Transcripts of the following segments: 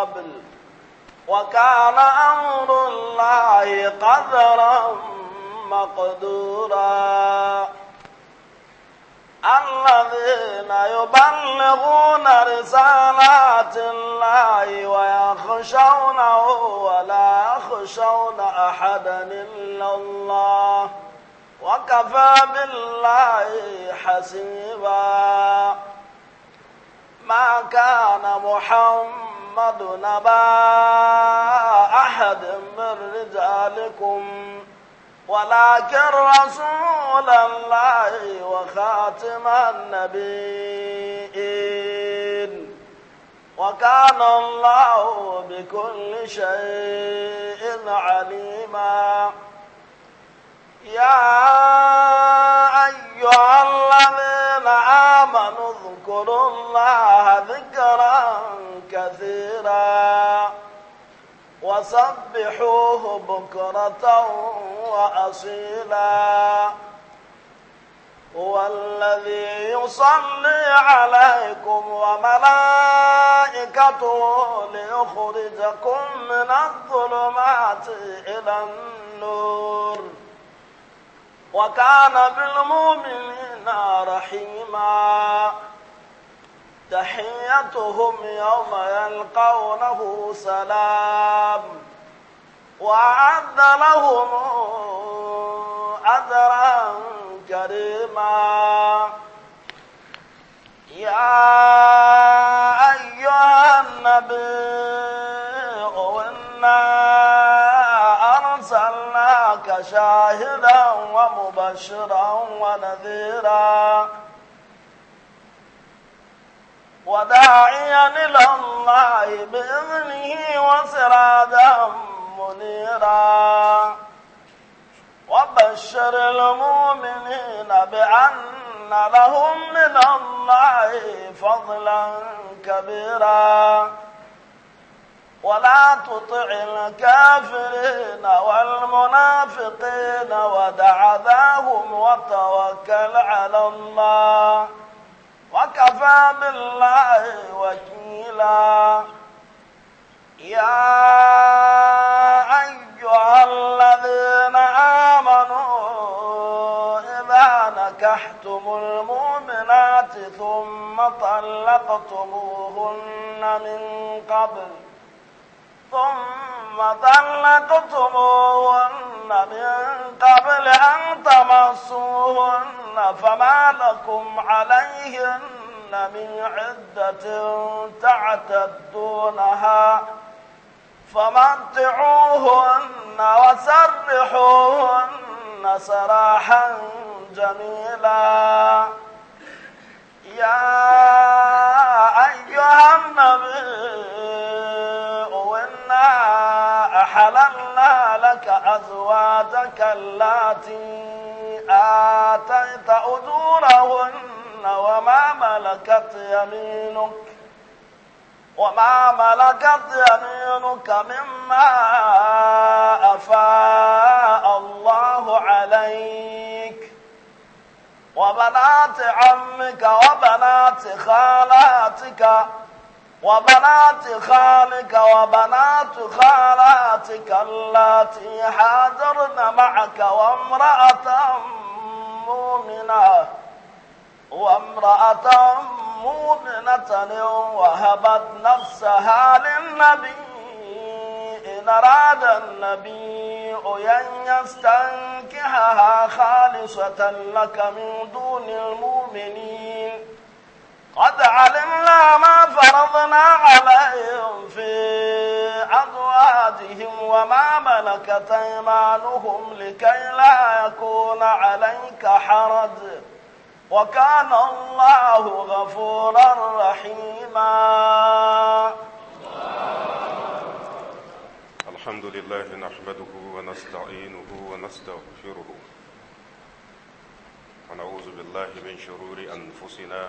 قبل وكان أمر الله قدرا مقدورا الذين يبلغون رسالات الله ويخشونه ولا يخشون أحدا إلا الله وكفى بالله حسيبا ما كان محمد محمد نبا أحد من رجالكم ولكن رسول الله وخاتم النبيين وكان الله بكل شيء عليما يا أيها الذين آمنوا اذكروا الله ذكرا كثيرا وسبحوه بكرة وأصيلا هو الذي يصلي عليكم وملائكته ليخرجكم من الظلمات إلى النور وكان بالمؤمنين رحيما تحيتهم يوم يلقونه سلام وأعد لهم أجرا كريما يا أيها النبي شاهدا ومبشرا ونذيرا وداعيا إلى الله بإذنه وسرادا منيرا وبشر المؤمنين بأن لهم من الله فضلا كبيرا ولا تطع الكافرين والمنافقين ودع ذاهم وتوكل على الله وكفى بالله وكيلا يا أيها الذين آمنوا إذا نكحتم المؤمنات ثم طلقتموهن من قبل ثم طلقتموهن من قبل أن تمسوهن فما لكم عليهن من عدة تعتدونها فمتعوهن وسرحوهن سراحا جميلا يا أيها النبي وأحللنا لك أزواجك التي آتيت أجورهن وما ملكت يمينك وما ملكت يمينك مما أفاء الله عليك وبنات عمك وبنات خالاتك وبنات خالك وبنات خالاتك اللاتي حاضرن معك وامرأة مؤمنة وامرأة مؤمنة وهبت نفسها للنبي إن أراد النبي أن يستنكحها خالصة لك من دون المؤمنين قد علمنا ما فرضنا عليهم في أزواجهم وما ملكت أيمانهم لكي لا يكون عليك حرج وكان الله غفورا رحيما الحمد لله نحمده ونستعينه ونستغفره ونعوذ بالله من شرور أنفسنا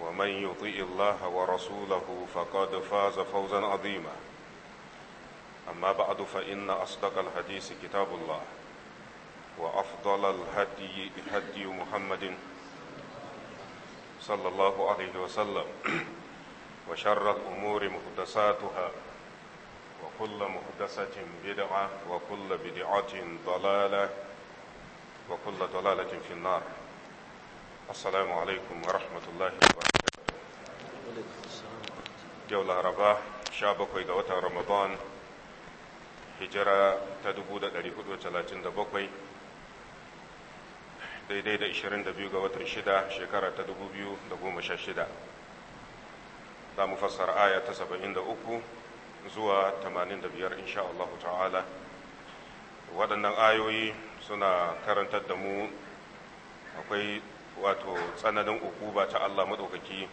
ومن يطيء الله ورسوله فقد فاز فوزا عظيما أما بعد فإن أصدق الحديث كتاب الله وأفضل الهدي هدي محمد صلى الله عليه وسلم وشر الأمور محدثاتها وكل محدثة بدعة وكل بدعة ضلالة وكل ضلالة في النار السلام عليكم ورحمة الله وبركاته yau laraba 17 ga watan ramadan hijira ta 437 daidai da 22 ga watan 6 shekara ta 2016 za mu fassara aya ta 73 zuwa 85 insha Allah ta'ala waɗannan ayoyi suna karantar da mu akwai wato tsananin uku ba ta Allah maɗaukaki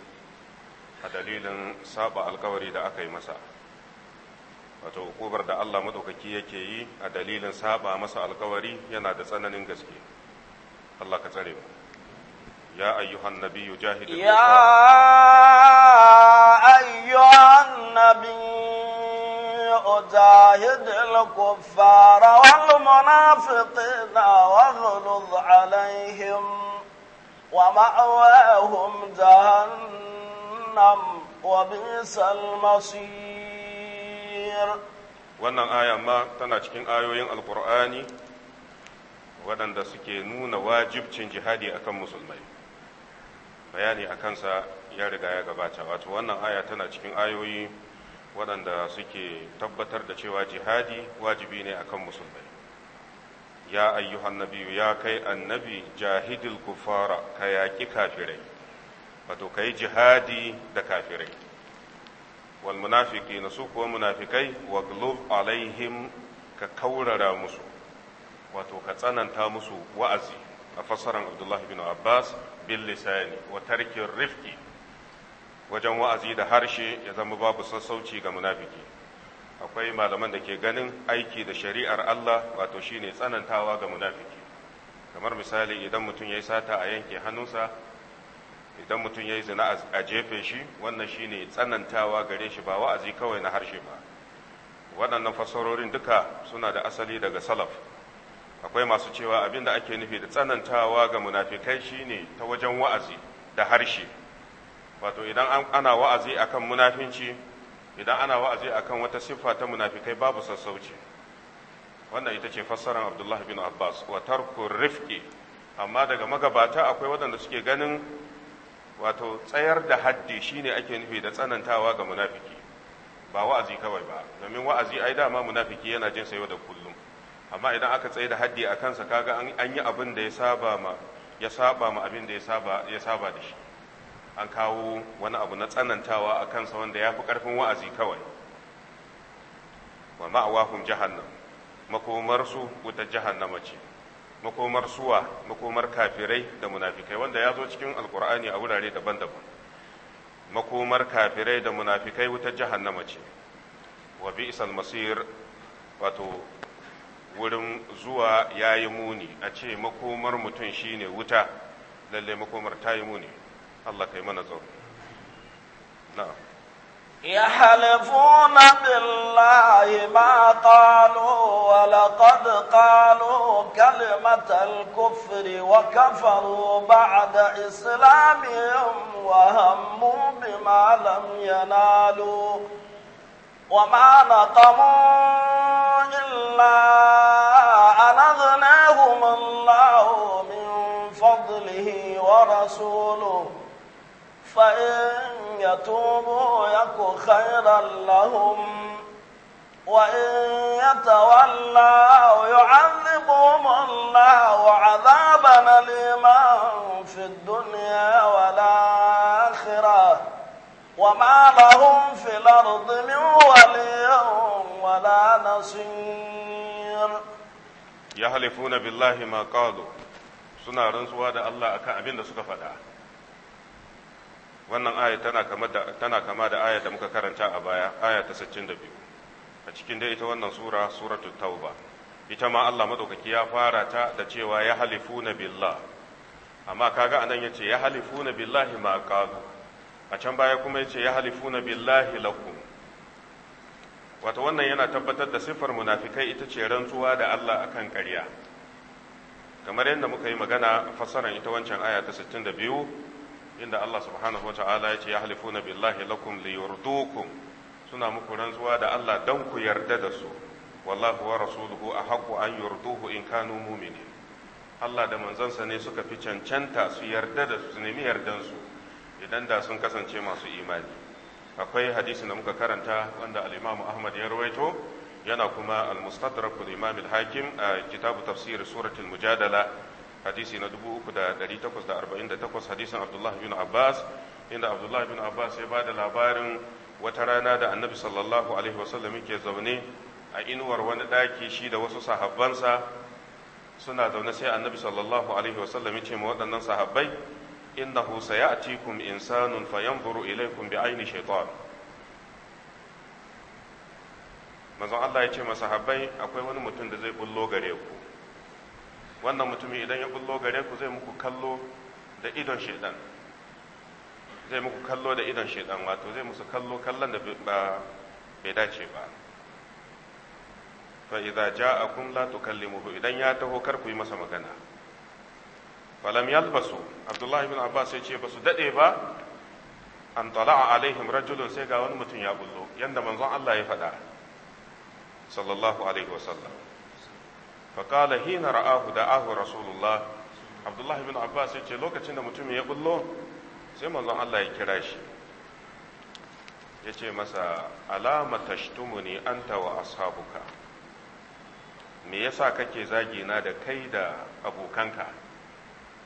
a dalilin saba alkawari da aka yi masa wato hukubar da Allah maɗaukaki yake yi a dalilin saba masa alkawari yana da tsananin gaske Allah ka tsare mu يا أيها النبي جاهد يا أيها النبي أجاهد الكفار والمنافقين واغلظ عليهم ومأواهم جهنم جهنم وبئس المصير wannan aya ma tana cikin ayoyin alkur'ani waɗanda suke nuna wajibcin jihadi akan musulmai bayani a kansa ya riga ya gabata wato wannan aya tana cikin ayoyi waɗanda suke tabbatar da cewa jihadi wajibi ne akan musulmai ya ayyuhan nabiyu ya kai annabi jahidil kufara ka yaƙi kafirai wato ka yi jihadi da kafirai wal na su kuwa munafikai wa glub alaihim ka kaurara musu wato ka tsananta musu wa'azi a fassaran abdullah bin abbas bil lisani wa tarkin rifki wajen wa'azi da harshe ya zama babu sassauci ga munafiki akwai malaman da ke ganin aiki da shari'ar allah wato shine tsanantawa ga munafiki kamar misali idan mutum ya yi sata a yanke hannunsa idan mutum ya yi zina a jefe shi wannan shi ne tsanantawa gare shi ba wa'azi kawai na harshe ba waɗannan fasarorin duka suna da asali daga salaf akwai masu cewa abin da ake nufi da tsanantawa ga munafikai shine ta wajen wa'azi da harshe wato idan ana wa'azi akan munafinci idan ana wa'azi akan wata siffa ta munafikai babu sassauci wannan ita ce fassarar abdullahi bin abbas wa tarku rifki amma daga magabata akwai waɗanda suke ganin wato tsayar da haddi shine ake nufi da tsanantawa ga munafiki ba wa'azi kawai ba domin wa'azi ai dama munafiki yana jin sayo da kullum amma idan aka tsaye da haddi a kansa kaga an yi abin da ya saba ma ya saba ma abin da ya saba ya saba da shi an kawo wani abu na tsanantawa a kansa wanda ya fi karfin wa'azi kawai wa ma'awahum jahannam makomarsu wutar jahannama ce makomar suwa makomar kafirai da munafikai wanda ya zo cikin alkur'ani a wurare daban-daban makomar kafirai da munafikai wuta jahannama ce wa bi isal masir wato wurin zuwa yayi muni a ce makomar mutum shine wuta lalle makomar ta yi muni Allah kai mana tsaro na'am يحلفون بالله ما قالوا ولقد قالوا كلمة الكفر وكفروا بعد إسلامهم وهموا بما لم ينالوا وما نقموا إلا أن أغناهم الله من فضله ورسوله فإن يتوبوا يك خيرا لهم وإن يتولوا يعذبهم الله عذابا أليما في الدنيا والآخرة وما لهم في الأرض من ولي ولا نصير يحلفون بالله ما قالوا سنة رنسوا هذا الله أكا أبين da suka wannan aya tana kama da da aya da muka karanta a baya aya ta 62 a cikin dai ita wannan sura suratul tauba ita ma Allah madaukaki ya fara ta da cewa ya halifuna billah amma kaga anan yace ya halifuna billahi ma qalu a can baya kuma yace ya halifuna billahi lakum wato wannan yana tabbatar da siffar munafikai ita ce rantsuwa da Allah akan ƙarya kamar yadda muka yi magana fassarar ita wancan aya ta 62 inda Allah subhanahu ta'ala ya ce ya halifuna billahi lakum liyurdukum suna muku rantsuwa da Allah dan ku yarda da su wallahu wa rasuluhu ahqqu an yurduhu in kanu mu'minin Allah da manzansa ne suka fi cancanta su yarda da su nemi yardan su idan da sun kasance masu imani akwai hadisin da muka karanta wanda al-Imam Ahmad ya rawaito yana kuma al-Mustadrak al-Imam al-Hakim a kitabu tafsir suratul Mujadala hadisi na 3848 hadisin abdullahi bin abbas inda abdullahi bin abbas ya ba da labarin wata rana da annabi sallallahu alaihi wasallam ke zaune a inuwar wani ɗaki shi da wasu sahabbansa suna zaune sai annabi sallallahu alaihi wasallam ce ma waɗannan sahabbai innahu sayatikum insanun fayanzuru ilaikum bi aini shaitan mazan Allah ya ce sahabai akwai wani mutum da zai bullo gare ku wannan mutumi idan ya bullo gare ku zai muku kallo da idon shaidan zai muku kallo da idon shaidan wato zai musu kallo kallon da bai dace ba fa idza ja'akum la tukallimuhu idan ya taho kar ku yi masa magana falam yalbasu abdullahi ibn abbas sai ce ba su dade ba an tala'a alaihim rajulun sai ga wani mutum ya bullo yanda manzon Allah ya faɗa sallallahu alaihi wasallam faƙala hina ra'ahu da ahu rasulullah abdullahi bin abbas ya ce lokacin da mutumin ya bullo sai manzon allah ya kira shi ya ce masa alama tashtumuni anta wa ashabuka me yasa kake zagina da kai da abokanka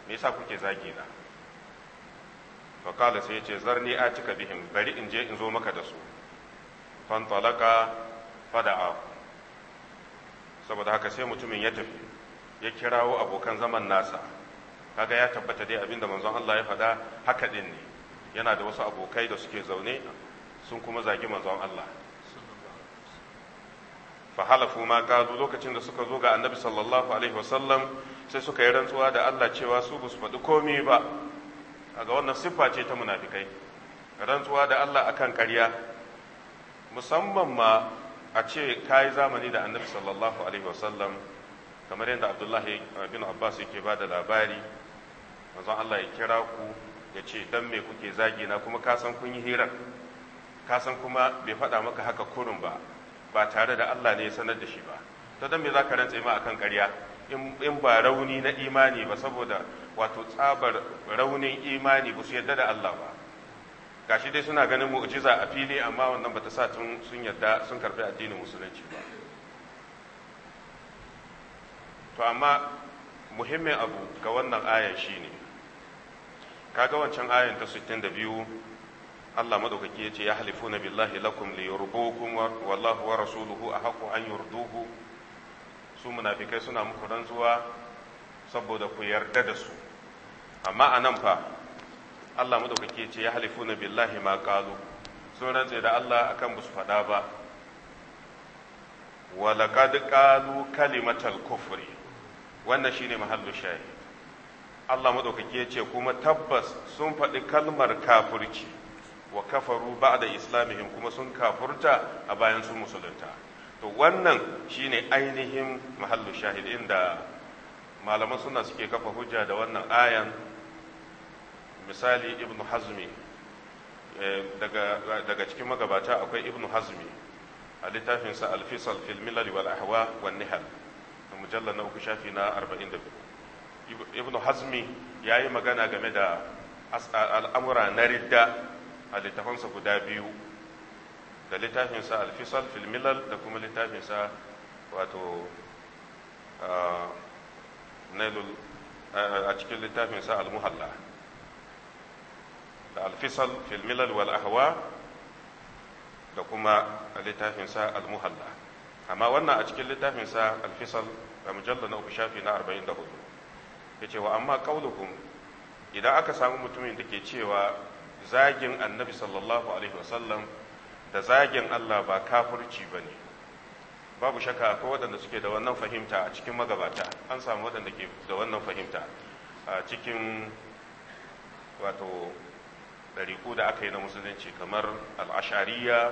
me yasa kuke zagina faƙala sai ya ce zarni a cika bihin bari in je in zo maka da su fantalaka fada'ahu saboda haka sai mutumin ya tafi ya kirawo abokan zaman nasa kaga ya tabbata dai abinda manzon Allah ya faɗa haka din ne yana da wasu abokai da suke zaune sun kuma zagi manzon Allah halafu ma kazu lokacin da suka zo ga annabi sallallahu alaihi wasallam sai suka yi rantsuwa da Allah cewa su ba su faɗi komai ba kaga wannan siffa ce ta munafikai rantsuwa da Allah akan ƙarya musamman ma a ce ka yi zamani da annabi sallallahu alaihi wasallam kamar yadda abdullahi bin abbas yake ba da labari manzon allah ya kira ku ya ce dan me kuke zagi na kuma ka san kun yi hirar ka san kuma bai faɗa maka haka kurun ba ba tare da allah ne ya sanar da shi ba ta dan me za ka rantse ma akan karya in ba rauni na imani ba saboda wato tsabar raunin imani ba su yarda da allah ba gashi dai suna ganin mu'jiza a fili amma wannan bata sa sun yarda sun karbi addinin musulunci ba to amma muhimmin abu ga wannan ayan shine kaga wancan ayan ta 62 Allah madaukaki yace ya halifuna billahi lakum liyurdukum wallahu wa rasuluhu ahqqu an yurduhu su munafikai suna muku rantsuwa saboda ku yarda da su amma anan fa Allah madaukake ce ya na billahi ma qalu sun rantse da Allah akan ba su faɗa ba wa ƙalu qalu kalimatal kufri wannan shine mahallu shahid Allah madaukake ce kuma tabbas sun faɗi kalmar kafurci. wa kafaru da islamihim kuma sun kafurta a bayan sun musulunta to wannan shine ainihin mahallu shahid inda malaman suna suke kafa hujja da wannan ayan misali ibnu hazmi eh, daga cikin magabata akwai ibnu hazmi a littafinsa alfisal fil milal wal ahwa wan nihal mujalla na uku shafi na 42 ibnu hazmi ya yi magana game da al'amura na ridda a littafinsa guda biyu da littafinsa alfisal fil milal da kuma littafinsa wato ah, a cikin littafinsa al-muhalla da alfisal fil milal wal ahwa da kuma littafinsa Almuhalla amma wannan a cikin littafinsa alfisal da mujalla na uku shafi na 44 yace wa amma qaulukum idan aka samu mutumin da ke cewa zagin annabi sallallahu alaihi wasallam da zagin Allah ba kafurci ba ne babu shakka ko waɗanda suke da wannan fahimta a cikin magabata an samu waɗanda ke da wannan fahimta a cikin wato ɗariku da aka yi na musulunci kamar al'ashariya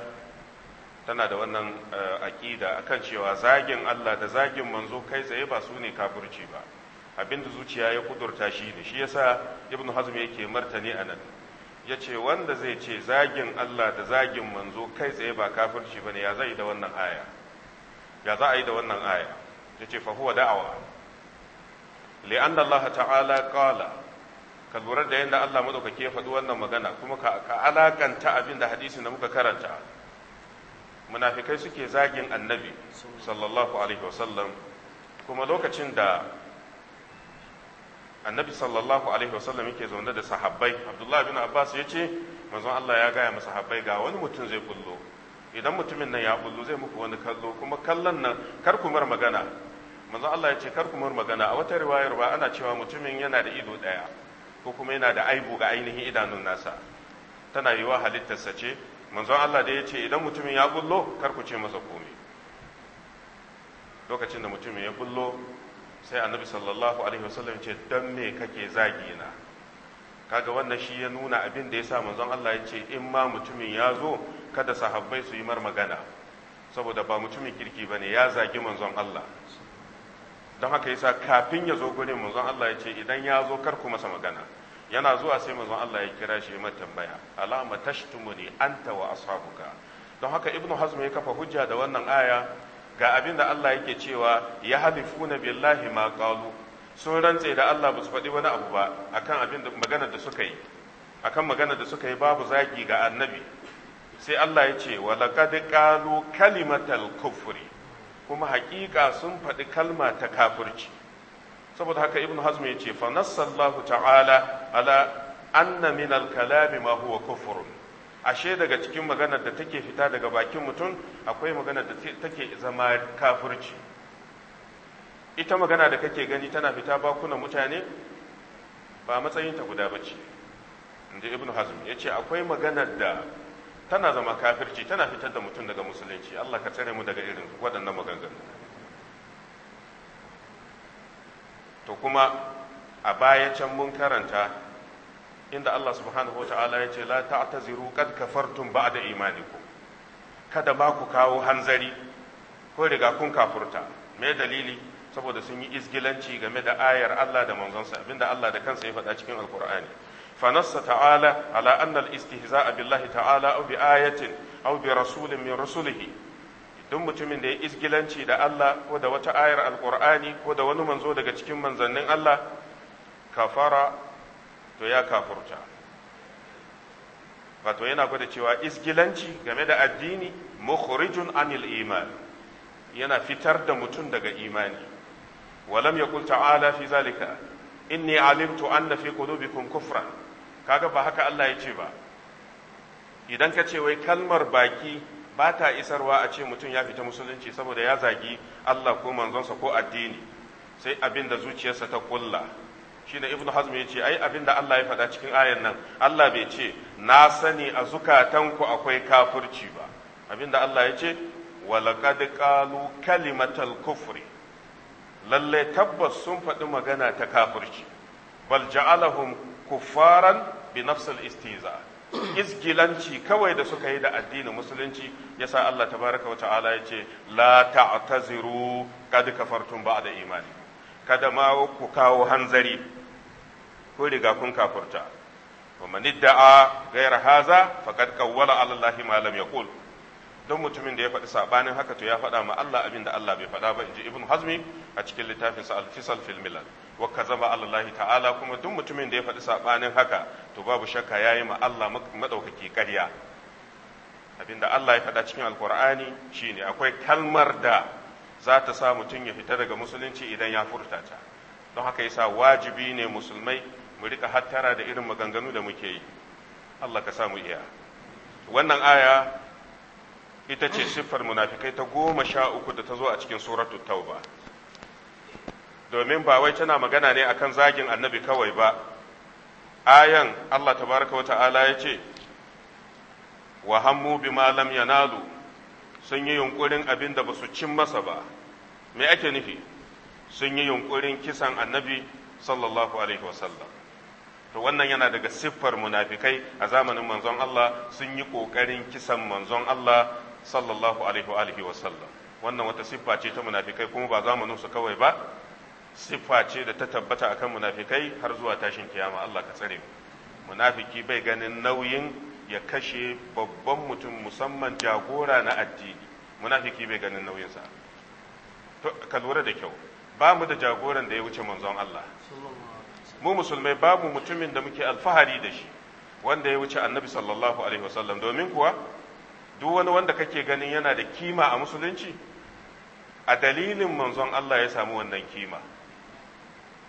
tana da wannan eh, aƙida A kan cewa zagin Allah da zagin manzo kai tsaye ba su ne kafirci ba abinda zuciya ya kudurta shi ne shi yasa ibnu hazm yake martani a nan ya ce wanda zai ce zagin Allah da zagin manzo kai tsaye ba kafirci ba ne ya zai da wannan aya ya za a yi da wannan aya ya ce fahuwa da'awa li'anna Allah ta'ala qala ka lura da yadda Allah madaukake ya faɗi wannan magana kuma ka alakanta abin da hadisin da muka karanta munafikai suke zagin annabi sallallahu alaihi wasallam kuma lokacin da annabi sallallahu alaihi wasallam yake zaune da sahabbai abdullahi bin abbas ya ce manzon Allah ya gaya masa sahabbai ga wani mutum zai kullo idan mutumin nan ya kullo zai muku wani kallo kuma kallon nan kar ku mar magana manzon Allah ya ce kar ku mar magana a wata riwayar ba ana cewa mutumin yana da ido daya ko kuma yana da aibu ga ainihin idanun nasa tana yiwa halittarsa ce manzon Allah da ya ce idan mutumin ya bullo kar ku ce masa komai lokacin da mutumin ya bullo sai annabi sallallahu alaihi wasallam ce dan me kake zagi na kaga wannan shi ya nuna abin da yasa manzon Allah ya ce in ma mutumin ya zo kada sahabbai su yi mar magana saboda ba mutumin kirki bane ya zagi manzon Allah don haka yasa kafin ya zo gurin manzon Allah ya ce idan ya zo kar ku masa magana yana zuwa sai manzon Allah ya kira shi mai tambaya alama tashtumuni anta wa ashabuka don haka ibnu hazm ya kafa hujja da wannan aya ga abinda da Allah yake cewa ya halifuna billahi ma qalu sun rantse da Allah ba su faɗi wani abu ba akan abin da magana da suka yi akan magana da suka yi babu zagi ga annabi sai Allah ya ce wa laqad qalu kalimatal kufri kuma haƙiƙa sun faɗi kalma ta kafirci saboda haka ibn hazm ya ce fa nassallahu ta'ala ala anna min al-kalam ma huwa kufr ashe daga cikin maganar da take fita daga bakin mutum akwai maganar da take zama kafirci ita magana da kake gani tana fita bakuna mutane ba matsayinta guda guda bace inda ibn hazm ya ce akwai maganar da tana zama kafirci tana fitar da mutum daga musulunci Allah ka tsare mu daga irin waɗannan maganganu to kuma a baya can mun karanta inda Allah subhanahu wata'ala ya ce la ta'taziru qad kafartum ba'da imanikum kada ba ku kawo hanzari ko riga kun kafurta me dalili saboda sun yi izgilanci game da ayar Allah da sa abinda Allah da kansa ya faɗa cikin alkur'ani فنص تعالى على أن الاستهزاء بالله تعالى أو بآية أو برسول من رسله duk mutumin da ya isgilanci da Allah ko da wata ayar alkur'ani ko da wani manzo daga cikin manzannin Allah kafara to ya kafurta wato yana gwada cewa isgilanci game da addini mukhrijun anil iman yana fitar da mutum daga imani walam yaqul ta'ala fi zalika inni alimtu anna fi qulubikum kufran kaga ba haka Allah ya ce ba idan ka ce wai kalmar baki ba ta isarwa a ce mutum ya fita musulunci saboda ya zagi Allah ko manzonsa ko addini sai abin da zuciyarsa ta kulla shi da Ibn hazm ya ce ai abin da Allah ya faɗa cikin ayan nan Allah bai ce na sani a zukatanku akwai kafurci ba abin da Allah ya ce walaƙad ƙalu kalimatal kufri lallai tabbas sun faɗi magana ta kafurci bal ja'alahum kuffaran bi nafsil istiza izgilanci kawai da suka yi da addinin musulunci yasa Allah tabaraka wata'ala ya ce la ta'taziru qad kafartum ba'da imani kada ma ku kawo hanzari ko riga kun kafurta wa man idda'a ghayra haza faqad qawwala 'ala Allah ma lam yaqul don mutumin da ya faɗi sabanin haka to ya faɗa ma Allah abin da Allah bai faɗa ba inji Ibn Hazmi a cikin littafinsa Al-Fisal fil Milal wa kazaba Allah ta'ala kuma duk mutumin da ya faɗi saɓanin haka to babu shakka yayi ma Allah maɗaukaki ƙarya abinda Allah ya faɗa cikin alkur'ani shine akwai kalmar da za ta sa mutum ya fita daga musulunci idan ya furta ta don haka yasa wajibi ne musulmai mu rika hattara da irin maganganu da muke yi Allah ka samu iya wannan aya ita ce siffar munafikai ta goma sha uku da ta zo a cikin suratul tauba domin ba wai tana magana ne akan zagin annabi kawai ba ayan Allah tabaraka wa ta'ala ya ce wa hammu bima lam yanalu sun yi yunkurin abin da ba su cin masa ba me ake nufi sun yi yunkurin kisan annabi sallallahu alaihi wasallam to wannan yana daga siffar munafikai a zamanin manzon Allah sun yi ƙoƙarin kisan manzon Allah sallallahu alaihi wa alihi wasallam wannan wata siffa ce ta munafikai kuma ba zamanin su kawai ba siffa ce da ta tabbata akan munafikai har zuwa tashin kiyama Allah ka tsare mu munafiki bai ganin nauyin ya kashe babban mutum musamman jagora na addini munafiki bai ganin nauyinsa to ka lura da kyau ba mu da jagoran da ya wuce manzon Allah mu musulmai babu mutumin da muke alfahari da shi wanda ya wuce annabi sallallahu alaihi wasallam domin kuwa duk wani wanda kake ganin yana da kima a musulunci a dalilin manzon Allah ya samu wannan kima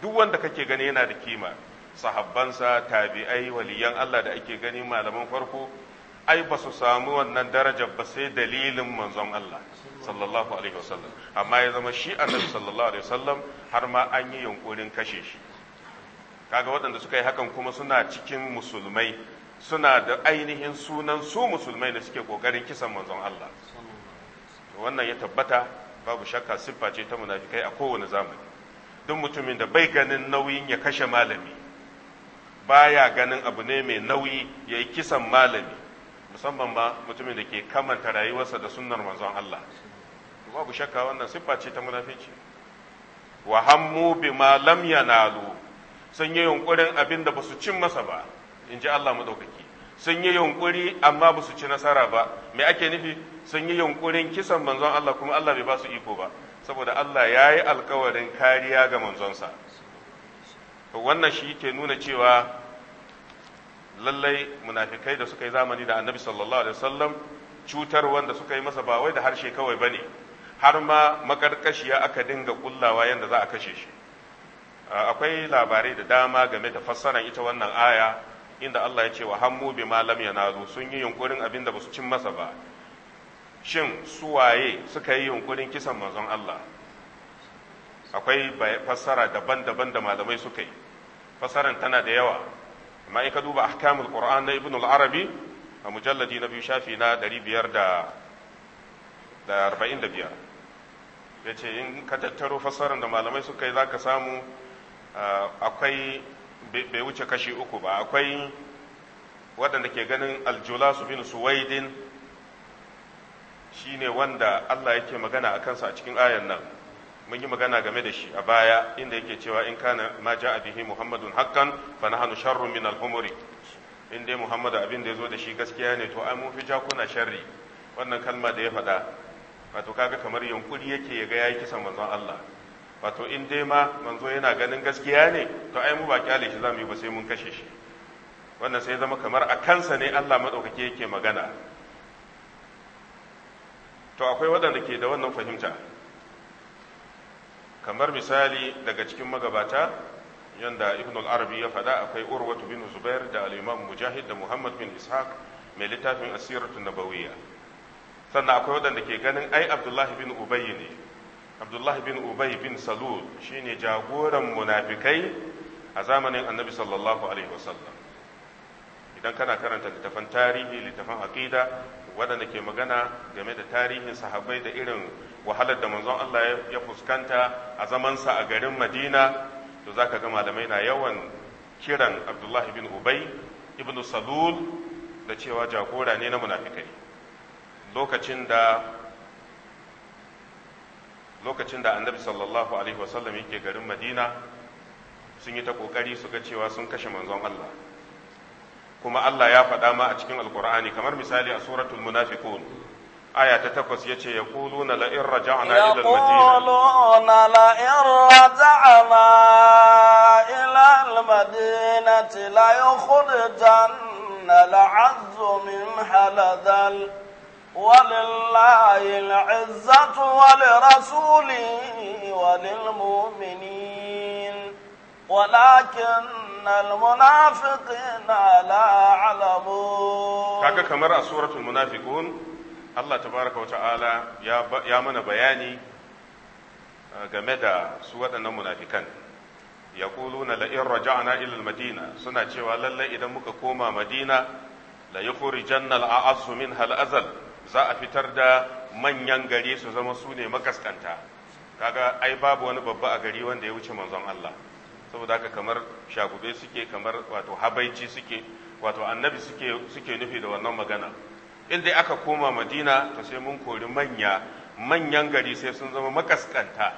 duk wanda kake gani yana da kima sahabbansa tabi'ai waliyan Allah da ake gani malaman farko ai ba su samu wannan daraja ba sai dalilin manzon Allah sallallahu alaihi wasallam amma ya zama shi annabi sallallahu alaihi wasallam har ma an yi yunkurin kashe shi kaga waɗanda suka yi hakan kuma suna cikin musulmai suna da ainihin sunan su musulmai da suke kokarin kisan manzon Allah wannan ya tabbata babu shakka siffa ce ta munafikai a kowane zamani duk mutumin da bai ganin nauyin ya kashe malami baya ganin abu ne mai nauyi ya yi kisan malami musamman ma mutumin da ke kamanta rayuwarsa da sunnar manzon Allah babu shakka wannan siffa ce ta munafici wa hammu bima lam yanalu sun yi yunkurin abin da basu cin masa ba in ji Allah madaukaki sun yi yunkuri amma basu ci nasara ba me ake nufi sun yi yunkurin kisan manzon Allah kuma Allah bai ba su iko ba saboda Allah ya yi alkawarin kariya ga manzonsa wannan shi ke nuna cewa lallai munafikai da suka yi zamani da annabi sallallahu alaihi wasallam cutar wanda suka yi masa ba wai da harshe kawai ba ne har ma makarkashiya aka dinga kullawa yadda za a kashe shi akwai labarai da dama game da fassarar ita wannan aya inda Allah ya ce wa hammu bi malam ya nazo sun yi yunkurin abin da su cin masa ba shin suwaye suka yi yunkurin kisan manzon Allah akwai fassara daban-daban da malamai suka yi fassaran tana da yawa amma in ka duba ahkamul qur'an na ibn al-arabi a mujalladi na biyu shafi na 545 ya ce in ka tattaro fassaran da malamai suka yi za ka samu akwai bai wuce kashi uku ba akwai waɗanda ke ganin aljula su bin suwaidin Shi ne wanda Allah yake magana a kansa a cikin ayan nan mun yi magana game da shi a baya inda yake cewa in kana ma a bihi muhammadun haqqan fa nahnu sharru min al-humuri in dai Muhammadu abin da yazo da shi gaskiya ne to ai mun fi jakuna sharri wannan kalma da ya faɗa wato kaga kamar yunkuri yake ya ga yayi kisan manzon Allah wato in dai ma manzo yana ganin gaskiya ne to ai mu ba kyale shi zamu yi ba sai mun kashe shi wannan sai zama kamar a kansa ne Allah madaukake yake magana to akwai waɗanda ke da wannan fahimta kamar misali daga cikin magabata yadda ibn al-arabi ya faɗa akwai urwatu bin zubair da al-imam mujahid da muhammad bin ishaq mai littafin asiratu nabawiyya sannan akwai waɗanda ke ganin ai abdullahi bin ubay ne abdullahi bin ubay bin salul shine jagoran munafikai a zamanin annabi sallallahu alaihi wasallam idan kana karanta littafan tarihi littafan aqida waɗanda ke magana game da tarihin sahabbai da irin wahalar da manzon Allah ya fuskanta a zamansa a garin Madina to zaka ga malamai na yawan kiran Abdullah bin Ubay ibn Salul da cewa jagora ne na munafikai lokacin da lokacin da annabi sallallahu alaihi wasallam yake garin Madina sun yi ta kokari su ga cewa sun kashe manzon Allah kuma Allah ya faɗa ma a cikin alkur'ani kamar misali a suratul munafiqun aya ta takwas ya ce ya kulu na la'in raja'ana ila al-madina la yukhrijanna la'azzu min haladhal ولله العزة ولرسوله وللمؤمنين ولكن المنافقين لا يعلمون kaga kamar a suratul munafiqun Allah tabaraka wata'ala ya mana bayani game da su waɗannan munafikan yaquluna la in raja'na ila al-madina suna cewa lallai idan muka koma madina la yukhrijanna al-a'azzu minha al-azal za a fitar da manyan gari su zama su ne makaskanta kaga ai babu wani babba a gari wanda ya wuce manzon Allah saboda haka kamar shagube suke kamar wato habaici suke wato annabi suke nufi da wannan magana in dai aka koma madina to sai mun kori manya manyan gari sai sun zama makaskanta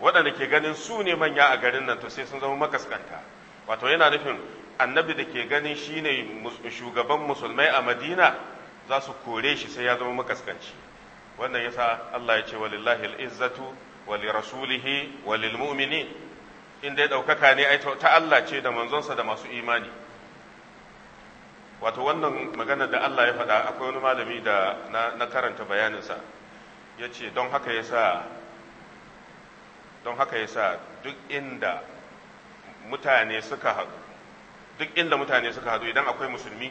waɗanda ke ganin su ne manya a garin nan to sai sun zama makaskanta wato yana nufin annabi da ke ganin shi ne shugaban musulmai a madina za su kore shi sai ya zama makaskanci wannan yasa allah ya ce walillahi al'izzatu walirasulihi walilmu'minin in dai ɗaukaka ne ai ta Allah ce da manzonsa da masu imani wato wannan magana da Allah ya faɗa akwai wani malami da na karanta bayaninsa ya ce don haka ya sa don haka ya duk inda mutane suka haɗu duk inda mutane suka haɗu idan akwai musulmi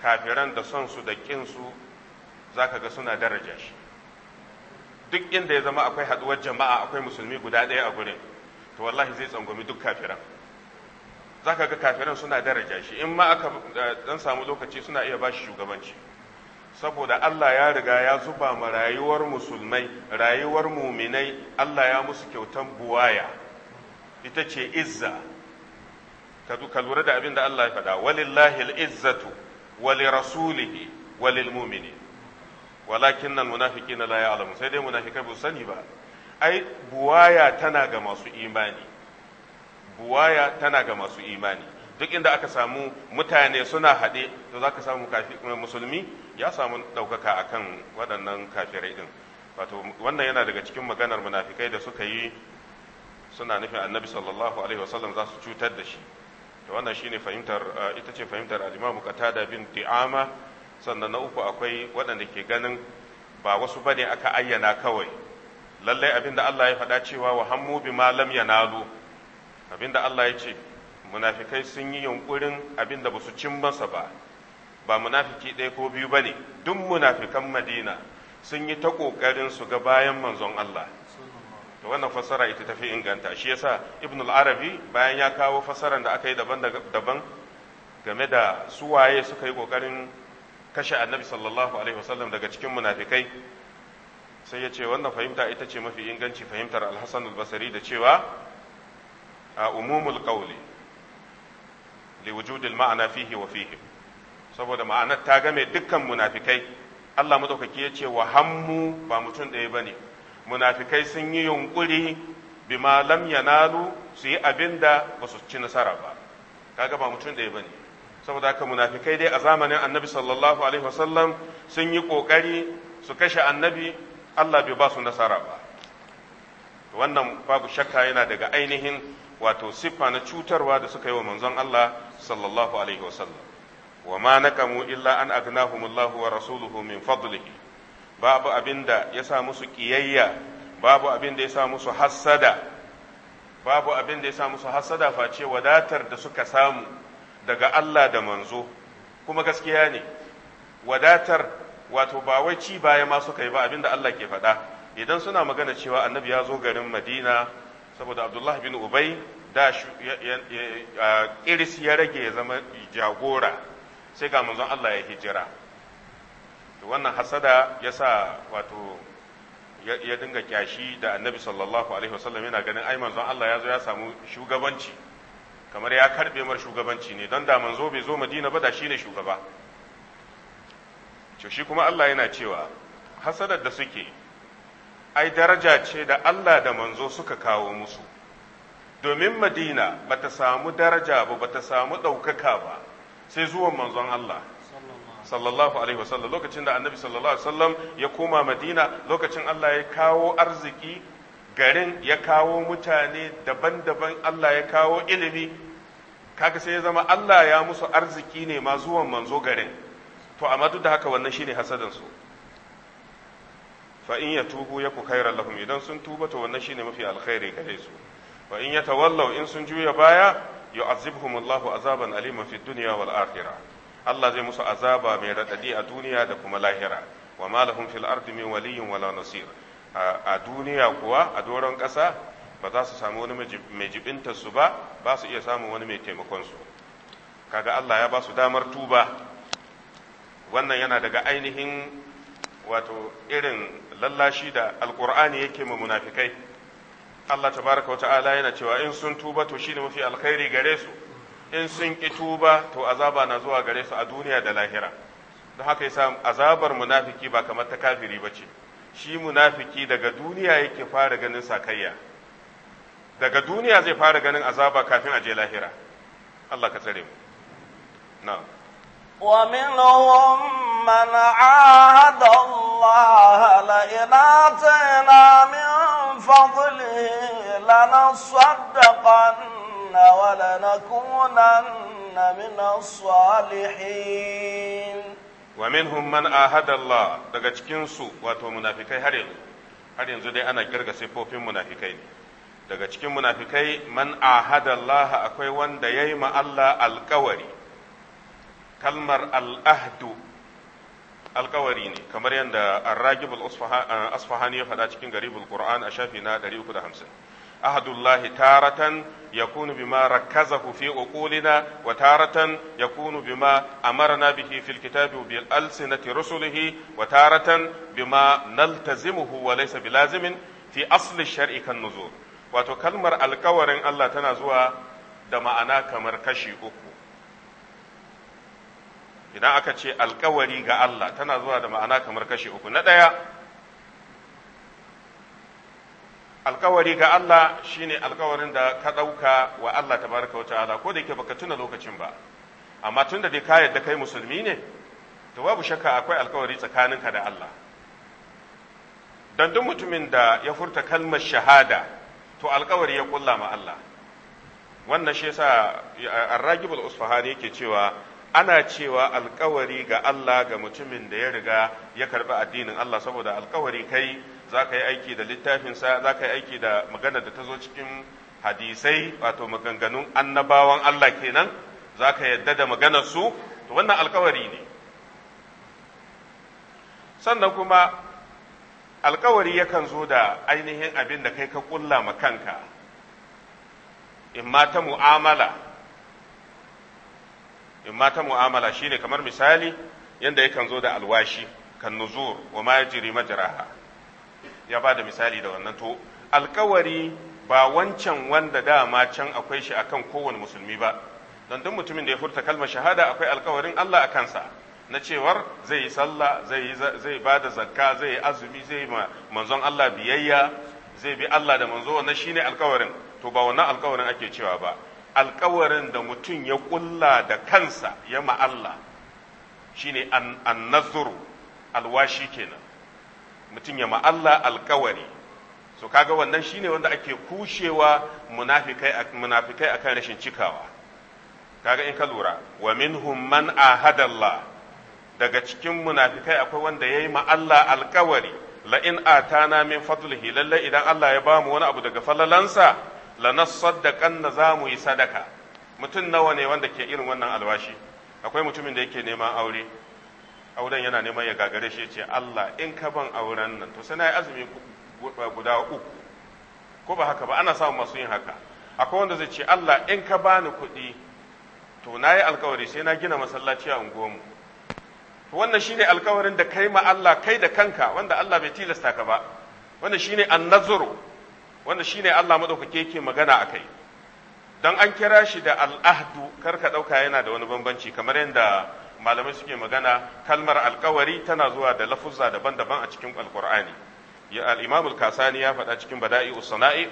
kafiran da son su da ƙinsu za ka ga suna daraja shi duk inda ya zama akwai haɗuwar jama'a akwai musulmi guda ɗaya a gurin to wallahi zai tsangwami duk kafiran za ka ga kafiran suna daraja shi in ma aka eh, dan samu lokaci suna iya ba shi shugabanci saboda Allah ya riga ya zuba ma rayuwar musulmai rayuwar muminai Allah ya musu kyautan buwaya ita ce izza ka lura da abin da Allah ya faɗa walillahi al-izzatu wali rasulihi walil mu'minin walakin nan munafiqina la ya'lamu sai dai munafikai ba sani ba ai buwaya tana ga masu imani buwaya tana ga masu imani duk inda aka samu mutane suna haɗe to za ka samu musulmi ya samu ɗaukaka akan waɗannan kafirai ɗin wato wannan yana daga cikin maganar munafikai da suka yi suna nufin annabi sallallahu alaihi wasallam za su cutar da shi to wannan shine fahimtar eh, ita ce fahimtar al-imamu qatada bin di'ama sannan na uku akwai waɗanda ke ganin ba wasu bane aka ayyana kawai lallai abinda Allah ya faɗa cewa wa hammu bi ma lam yanalu abinda Allah ya ce munafikai sun yi yunkurin abinda ba su cin masa ba ba munafiki ɗaya ko biyu ba ne duk munafikan Madina sun yi ta kokarin su ga bayan manzon Allah to wannan fassara ita tafi inganta shi yasa Ibn al-Arabi bayan ya kawo fassarar da aka yi daban-daban game da su waye suka yi ƙoƙarin kashe annabi sallallahu alaihi wasallam daga cikin munafikai sai ya ce wannan fahimta ita ce mafi inganci fahimtar alhassan albasari da cewa a umumul qawli li wujudil ma'ana fihi wa fihi saboda ma'anar ta game dukkan munafikai Allah madaukaki ya ce wa hammu ba mutum ɗaya bane munafikai sun yi yunkuri malam ya yanalu su yi abin da ba su ci nasara ba kaga ba mutum ɗaya bane saboda haka munafikai dai a zamanin annabi sallallahu alaihi wasallam sun yi ƙoƙari su kashe annabi Allah bai ba su nasara ba wannan babu shakka yana daga ainihin wato siffa na cutarwa da suka yi wa manzon Allah sallallahu alaihi wasallam wa ma naqamu illa an agnahumullahu wa rasuluhu min fadlihi babu abinda ya sa musu kiyayya babu abinda ya sa musu hassada babu abinda ya sa musu hassada face wadatar da suka samu daga Allah da manzo kuma gaskiya ne wadatar wato ba wai ci baya ma suka yi ba abinda Allah ke faɗa idan suna magana cewa annabi ya zo garin madina saboda abdullahi bin ubai da iris ya rage ya zama jagora sai ga manzon Allah ya hijira to wannan hasada ya sa wato ya dinga kyashi da annabi sallallahu alaihi wasallam yana ganin ai manzon Allah ya zo ya samu shugabanci kamar ya karbe mar shugabanci ne don da manzo bai zo madina ba da shine shugaba to shi kuma Allah yana cewa hasadar da suke ai daraja ce da Allah da manzo suka kawo musu domin madina bata samu daraja ba bata samu ɗaukaka ba sai zuwan manzon Allah sallallahu alaihi wasallam lokacin da annabi sallallahu alaihi wasallam ya koma madina lokacin Allah ya kawo arziki garin ya kawo mutane daban-daban Allah ya kawo ilimi kaga sai ya zama Allah ya musu arziki ne ma zuwan manzo garin to amma duk da haka wannan shine hasadan su fa in yatubu yaku khairan lahum idan sun tuba to wannan shine mafi alkhairi gare su Fa in yatawallaw in sun juya baya yu'azibhum Allahu azaban alima fi dunya wal akhirah Allah zai musu azaba mai radadi a duniya da kuma lahira wa ma lahum fil ardi min waliyyin wala nasir a duniya kuwa a doron ƙasa ba za su samu wani mai jibinta su ba ba su iya samun wani mai taimakon su kaga Allah ya ba su damar tuba wannan yana daga ainihin wato irin lallashi da alkur'ani yake ma munafikai Allah tabaraka wa ta'ala yana cewa in sun tuba to shine mafi alkhairi gare su in sun ki tuba to azaba na zuwa gare su a duniya da lahira don haka yasa azabar munafiki ba kamar ta kafiri ba ce shi munafiki daga duniya yake fara ganin sakayya daga duniya zai fara ganin azaba kafin a je lahira Allah ka tsare mu na'am ومنهم من عاهد الله لئن آتينا من فضله لنصدقن ولنكونن من الصالحين ومنهم من عاهد الله daga cikin su wato munafikai har yanzu har yanzu dai ana kirga sifofin munafikai daga cikin munafikai man ahada Allah akwai wanda yayi ma Allah alƙawari kalmar al'ahdu alkawari ne kamar yadda arragib eh, asfahani ya faɗa cikin garibul ƙuran a shafi na 350 ahadullahi taratan yakunu bima rakkazahu fi uqulina wa taratan yakunu bima amarna bihi fil kitabi bil alsinati rusulihi wa taratan bima naltazimuhu wa laysa bilazimin fi asli shar'i kan nuzul wato kalmar alkawarin Allah tana zuwa da ma'ana kamar kashi uku idan aka ce alkawari ga Allah tana zuwa da ma'ana kamar kashe uku na ɗaya alkawari ga Allah shine alkawarin da ka ɗauka wa Allah tabaraka wa ta'ala ko da yake baka tuna lokacin ba amma tun da dai ka yadda kai musulmi ne to babu shakka akwai alkawari tsakaninka da Allah don duk mutumin da ya furta kalmar shahada to alkawari ya kulla ma Allah wannan shi yasa Ar-Ragibul Usfahani yake cewa ana cewa alkawari ga Allah ga mutumin da ya riga ya karɓi addinin Allah saboda alkawari kai za ka yi aiki da littafinsa za ka yi aiki da magana da ta zo cikin hadisai wato maganganun annabawan Allah kenan za ka yadda da maganarsu to wannan alkawari ne sannan kuma alkawari yakan zo da ainihin abin da kai ka kulla ma kanka in ma ta mu'amala in ma ta mu'amala shine kamar misali yadda yakan zo da alwashi kan nuzur wa ma yajri majraha ya ba da misali da wannan to alkawari ba wancan wanda dama can akwai shi akan kowane musulmi ba don duk mutumin da ya furta kalmar shahada akwai alkawarin Allah a kansa na cewar zai yi sallah zai ba da zakka zai yi azumi zai yi manzon Allah biyayya zai bi Allah da manzo wannan shine alkawarin to ba wannan alkawarin ake cewa ba alkawarin da mutum ya ƙulla da kansa ya ma'alla shine annazuru alwashi kenan mutum ya ma'alla alkawari so kaga wannan shi ne wanda ake kushewa munafikai a kan rashin cikawa kaga in ka lura wa minhum man ahadallah daga cikin munafikai akwai wanda yayi ma Allah alkawari la in atana min fadlihi lallai idan Allah ya bamu wani abu daga falalansa lanassaddaqanna za mu yi sadaka mutum nawa ne wanda ke irin wannan alwashi akwai mutumin da yake neman aure auren yana neman ya gagare shi ce Allah in ka ban auren nan to sai na yi azumi guda uku ko ba haka ba ana samun masu yin haka akwai wanda zai ce Allah in ka bani kuɗi to na yi alkawari sai na gina masallaci a unguwarmu to wannan shine alkawarin da kai ma Allah kai da kanka wanda Allah bai tilasta ka ba wannan shine annazuru wanda shine Allah madaukake yake magana a kai don an kira shi da al'ahdu karka ɗauka yana da wani bambanci kamar yadda malamai suke magana kalmar alkawari tana zuwa da lafuzza daban-daban a cikin alkur'ani ya al-imam al-kasani ya faɗa cikin bada'i usana'i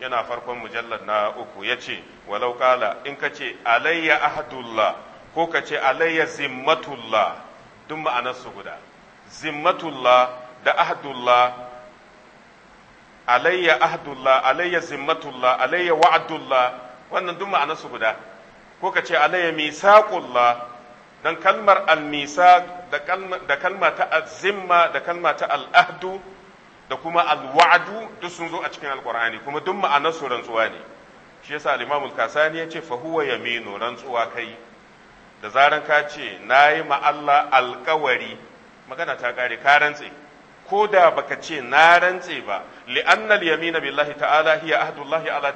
yana farkon mujallar na uku yace walau qala in kace alayya ahdullah ko kace alayya zimmatullah duk ma'anarsu guda zimmatullah da ahdullah alayya ahdullah alayya zimmatullah alayya wa'dullah wannan duk ma'anar su guda ko ka ce alayya misaqullah dan kalmar al-misaq da kalma ta azimma da kalma ta al-ahdu da kuma al-wa'du duk sun zo a cikin alqur'ani kuma duk ma'anar su rantsuwa ne shi yasa al-imam al-kasani yace fa huwa yaminu rantsuwa kai da zaran ka ce nayi ma Allah alkawari magana ta kare ka rantse ko da baka ce na rantse ba li'anna al-yamina billahi ta'ala hiya ahdullahi ala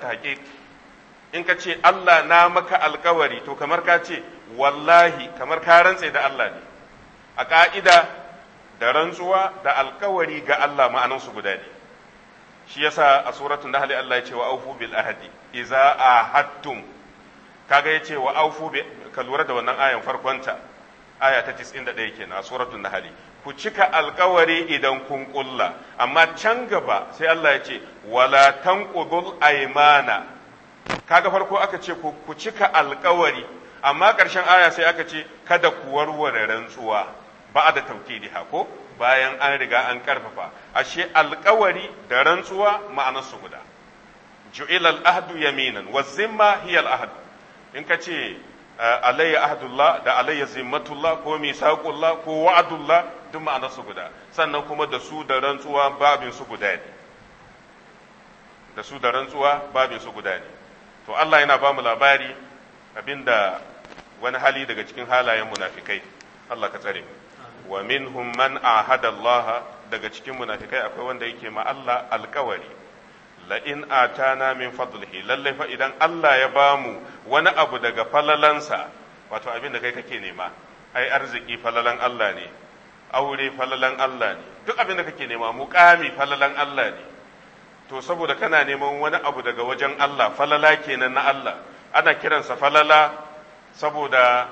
in ka ce Allah na maka alkawari to kamar ka ce wallahi kamar ka rantse da Allah ne a ƙa'ida da rantsuwa da alkawari ga Allah ma'anansu guda ne shi yasa a suratul nahl Allah ya ce wa aufu bil ahdi idza ahadtum kaga ya ce wa aufu ka lura da wannan ayan farkonta aya ta 91 kenan a suratul nahl ku cika alkawari idan kun kulla amma can gaba sai Allah ya ce wala tanqudul aymana kaga farko aka ce ku cika alkawari amma ƙarshen aya sai aka ce kada ku warware rantsuwa ba da ha ko bayan an riga an karfafa ashe alkawari da rantsuwa ma'anar su guda ju'ilal ahdu yaminan wa zimma hiya ahd in ka ce alayya ahdullah da alayya zimmatullah ko misaqullah ko wa'dullah duk ma'anar guda sannan kuma da su da rantsuwa babin su guda ne da su da rantsuwa babin su guda ne to Allah yana ba mu labari abinda wani hali daga cikin halayen munafikai Allah ka tsare wa minhum man ahada Allah daga cikin munafikai akwai wanda yake ma Allah alkawari la in atana min fadlihi lalle fa idan Allah ya bamu wani abu daga falalansa wato abin da kai kake nema ai arziki falalan Allah ne aure falalan Allah ne duk abin da kake nema muƙami falalan Allah ne to saboda kana neman wani abu daga wajen Allah falala kenan na Allah ana kiransa falala saboda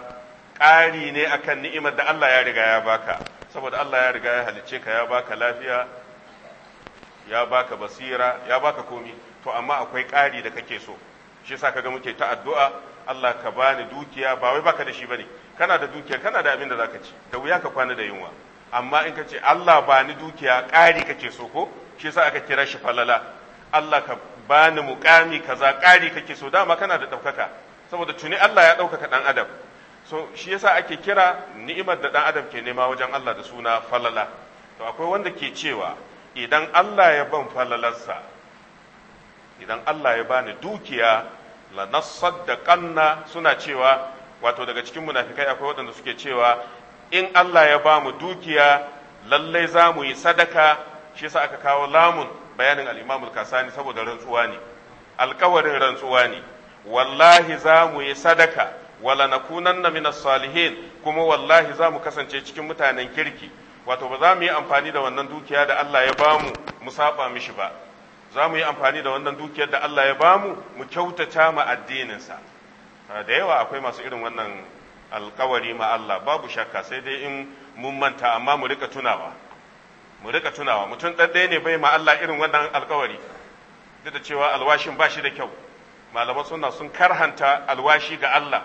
ƙari ne akan ni'imar da Allah ya riga ya baka saboda Allah ya riga ya halicce ka ya baka lafiya ya baka basira ya baka komi to amma akwai ƙari da kake so shi yasa kaga muke ta addu'a Allah ka bani dukiya ba wai baka da shi bane kana da dukiya kana da abin da zaka ci da wuya ka kwana da yunwa amma in ka ce Allah ba ni dukiya ƙari kake so ko shi yasa aka kira shi falala Allah ka bani muƙami kaza ƙari kake so dama kana da ɗaukaka saboda tuni Allah ya ɗaukaka ɗan adam so shi yasa ake kira ni'imar da ɗan adam ke nema wajen Allah da suna falala to akwai wanda ke cewa idan Allah ya ban falalarsa idan Allah ya bani dukiya la nasaddaqanna suna cewa wato daga cikin munafikai akwai waɗanda suke cewa in Allah ya ba mu dukiya lallai za mu yi sadaka shi sa aka kawo lamun bayanin al kasani saboda rantsuwa ne alkawarin rantsuwa ne wallahi za mu yi sadaka wala na kunan na minas salihin kuma wallahi za mu kasance cikin mutanen kirki wato ba za mu yi amfani da wannan dukiya da Allah ya bamu mu saba mishi ba za mu yi amfani da wannan dukiyar da Allah ya bamu mu kyautata ma addininsa ah, da yawa akwai masu irin wannan alkawari ma Allah babu shakka sai dai in mun manta amma mu rika tunawa mu rika tunawa mutum ɗaya ne bai ma Allah irin wannan alkawari duk da cewa alwashin ba shi da kyau malaman suna sun karhanta alwashi ga Allah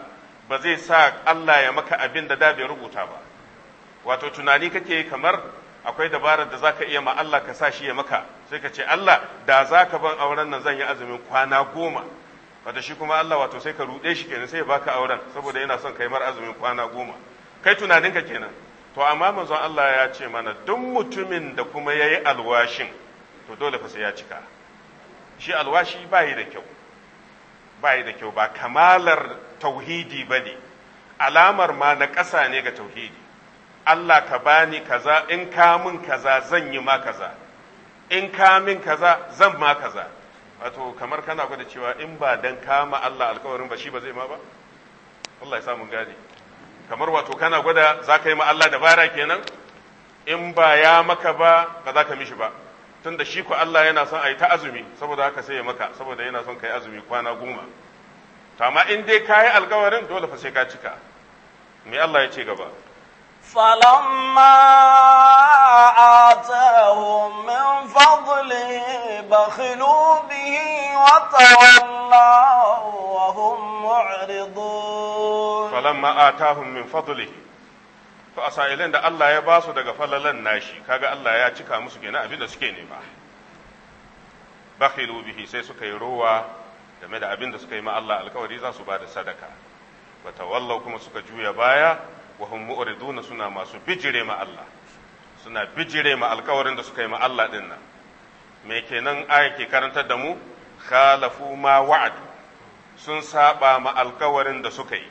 ba zai sa Allah ya maka abin da da bai rubuta ba wato tunani kake kamar akwai dabarar da zaka iya ma Allah ka sa shi ya maka sai ka ce Allah da zaka ban auren nan zan yi azumin kwana goma wata shi kuma Allah wato sai ka ruɗe shi kenan sai ya baka auren saboda yana son kai mar azumin kwana goma kai tunanin ka kenan to amma manzon Allah ya ce mana duk mutumin da kuma yayi alwashin to dole fa sai ya cika shi alwashi ba yi da kyau ba da kyau ba kamalar tauhidi ba ne alamar ma na ƙasa ne ga tauhidi Allah ka bani kaza in ka min kaza zan yi ma kaza in ka min kaza zan ma kaza wato kamar kana gwada cewa in ba dan kama Allah alkawarin ba shi ba zai ma ba Allah ya samu gane kamar wato kana gwada za ka yi ma Allah dabara kenan in ba ya maka ba ba za ka mishi ba tunda shi ko Allah yana son a yi ta azumi saboda haka sai ya maka saboda yana son ka yi azumi kwana goma to amma in dai ka yi alkawarin dole fa sai ka cika me Allah ya ce gaba فلما آتاهم من فضله بخلوا به وتولوا وهم معرضون فلما آتاهم من فضله فأسائلين da Allah ya ba su daga falalan nashi kaga Allah ya cika musu gina abin da suke nema bakhilu bihi sai suka yi rowa game da abin da suka yi ma Allah alkawari za su ba da sadaka wa kuma suka juya baya wa hum mu'riduna suna masu bijire ma Allah suna bijire ma alkawarin da suka yi ma Allah din nan me kenan aya ke karantar da mu khalafu ma wa'ad sun saba ma alkawarin da suka yi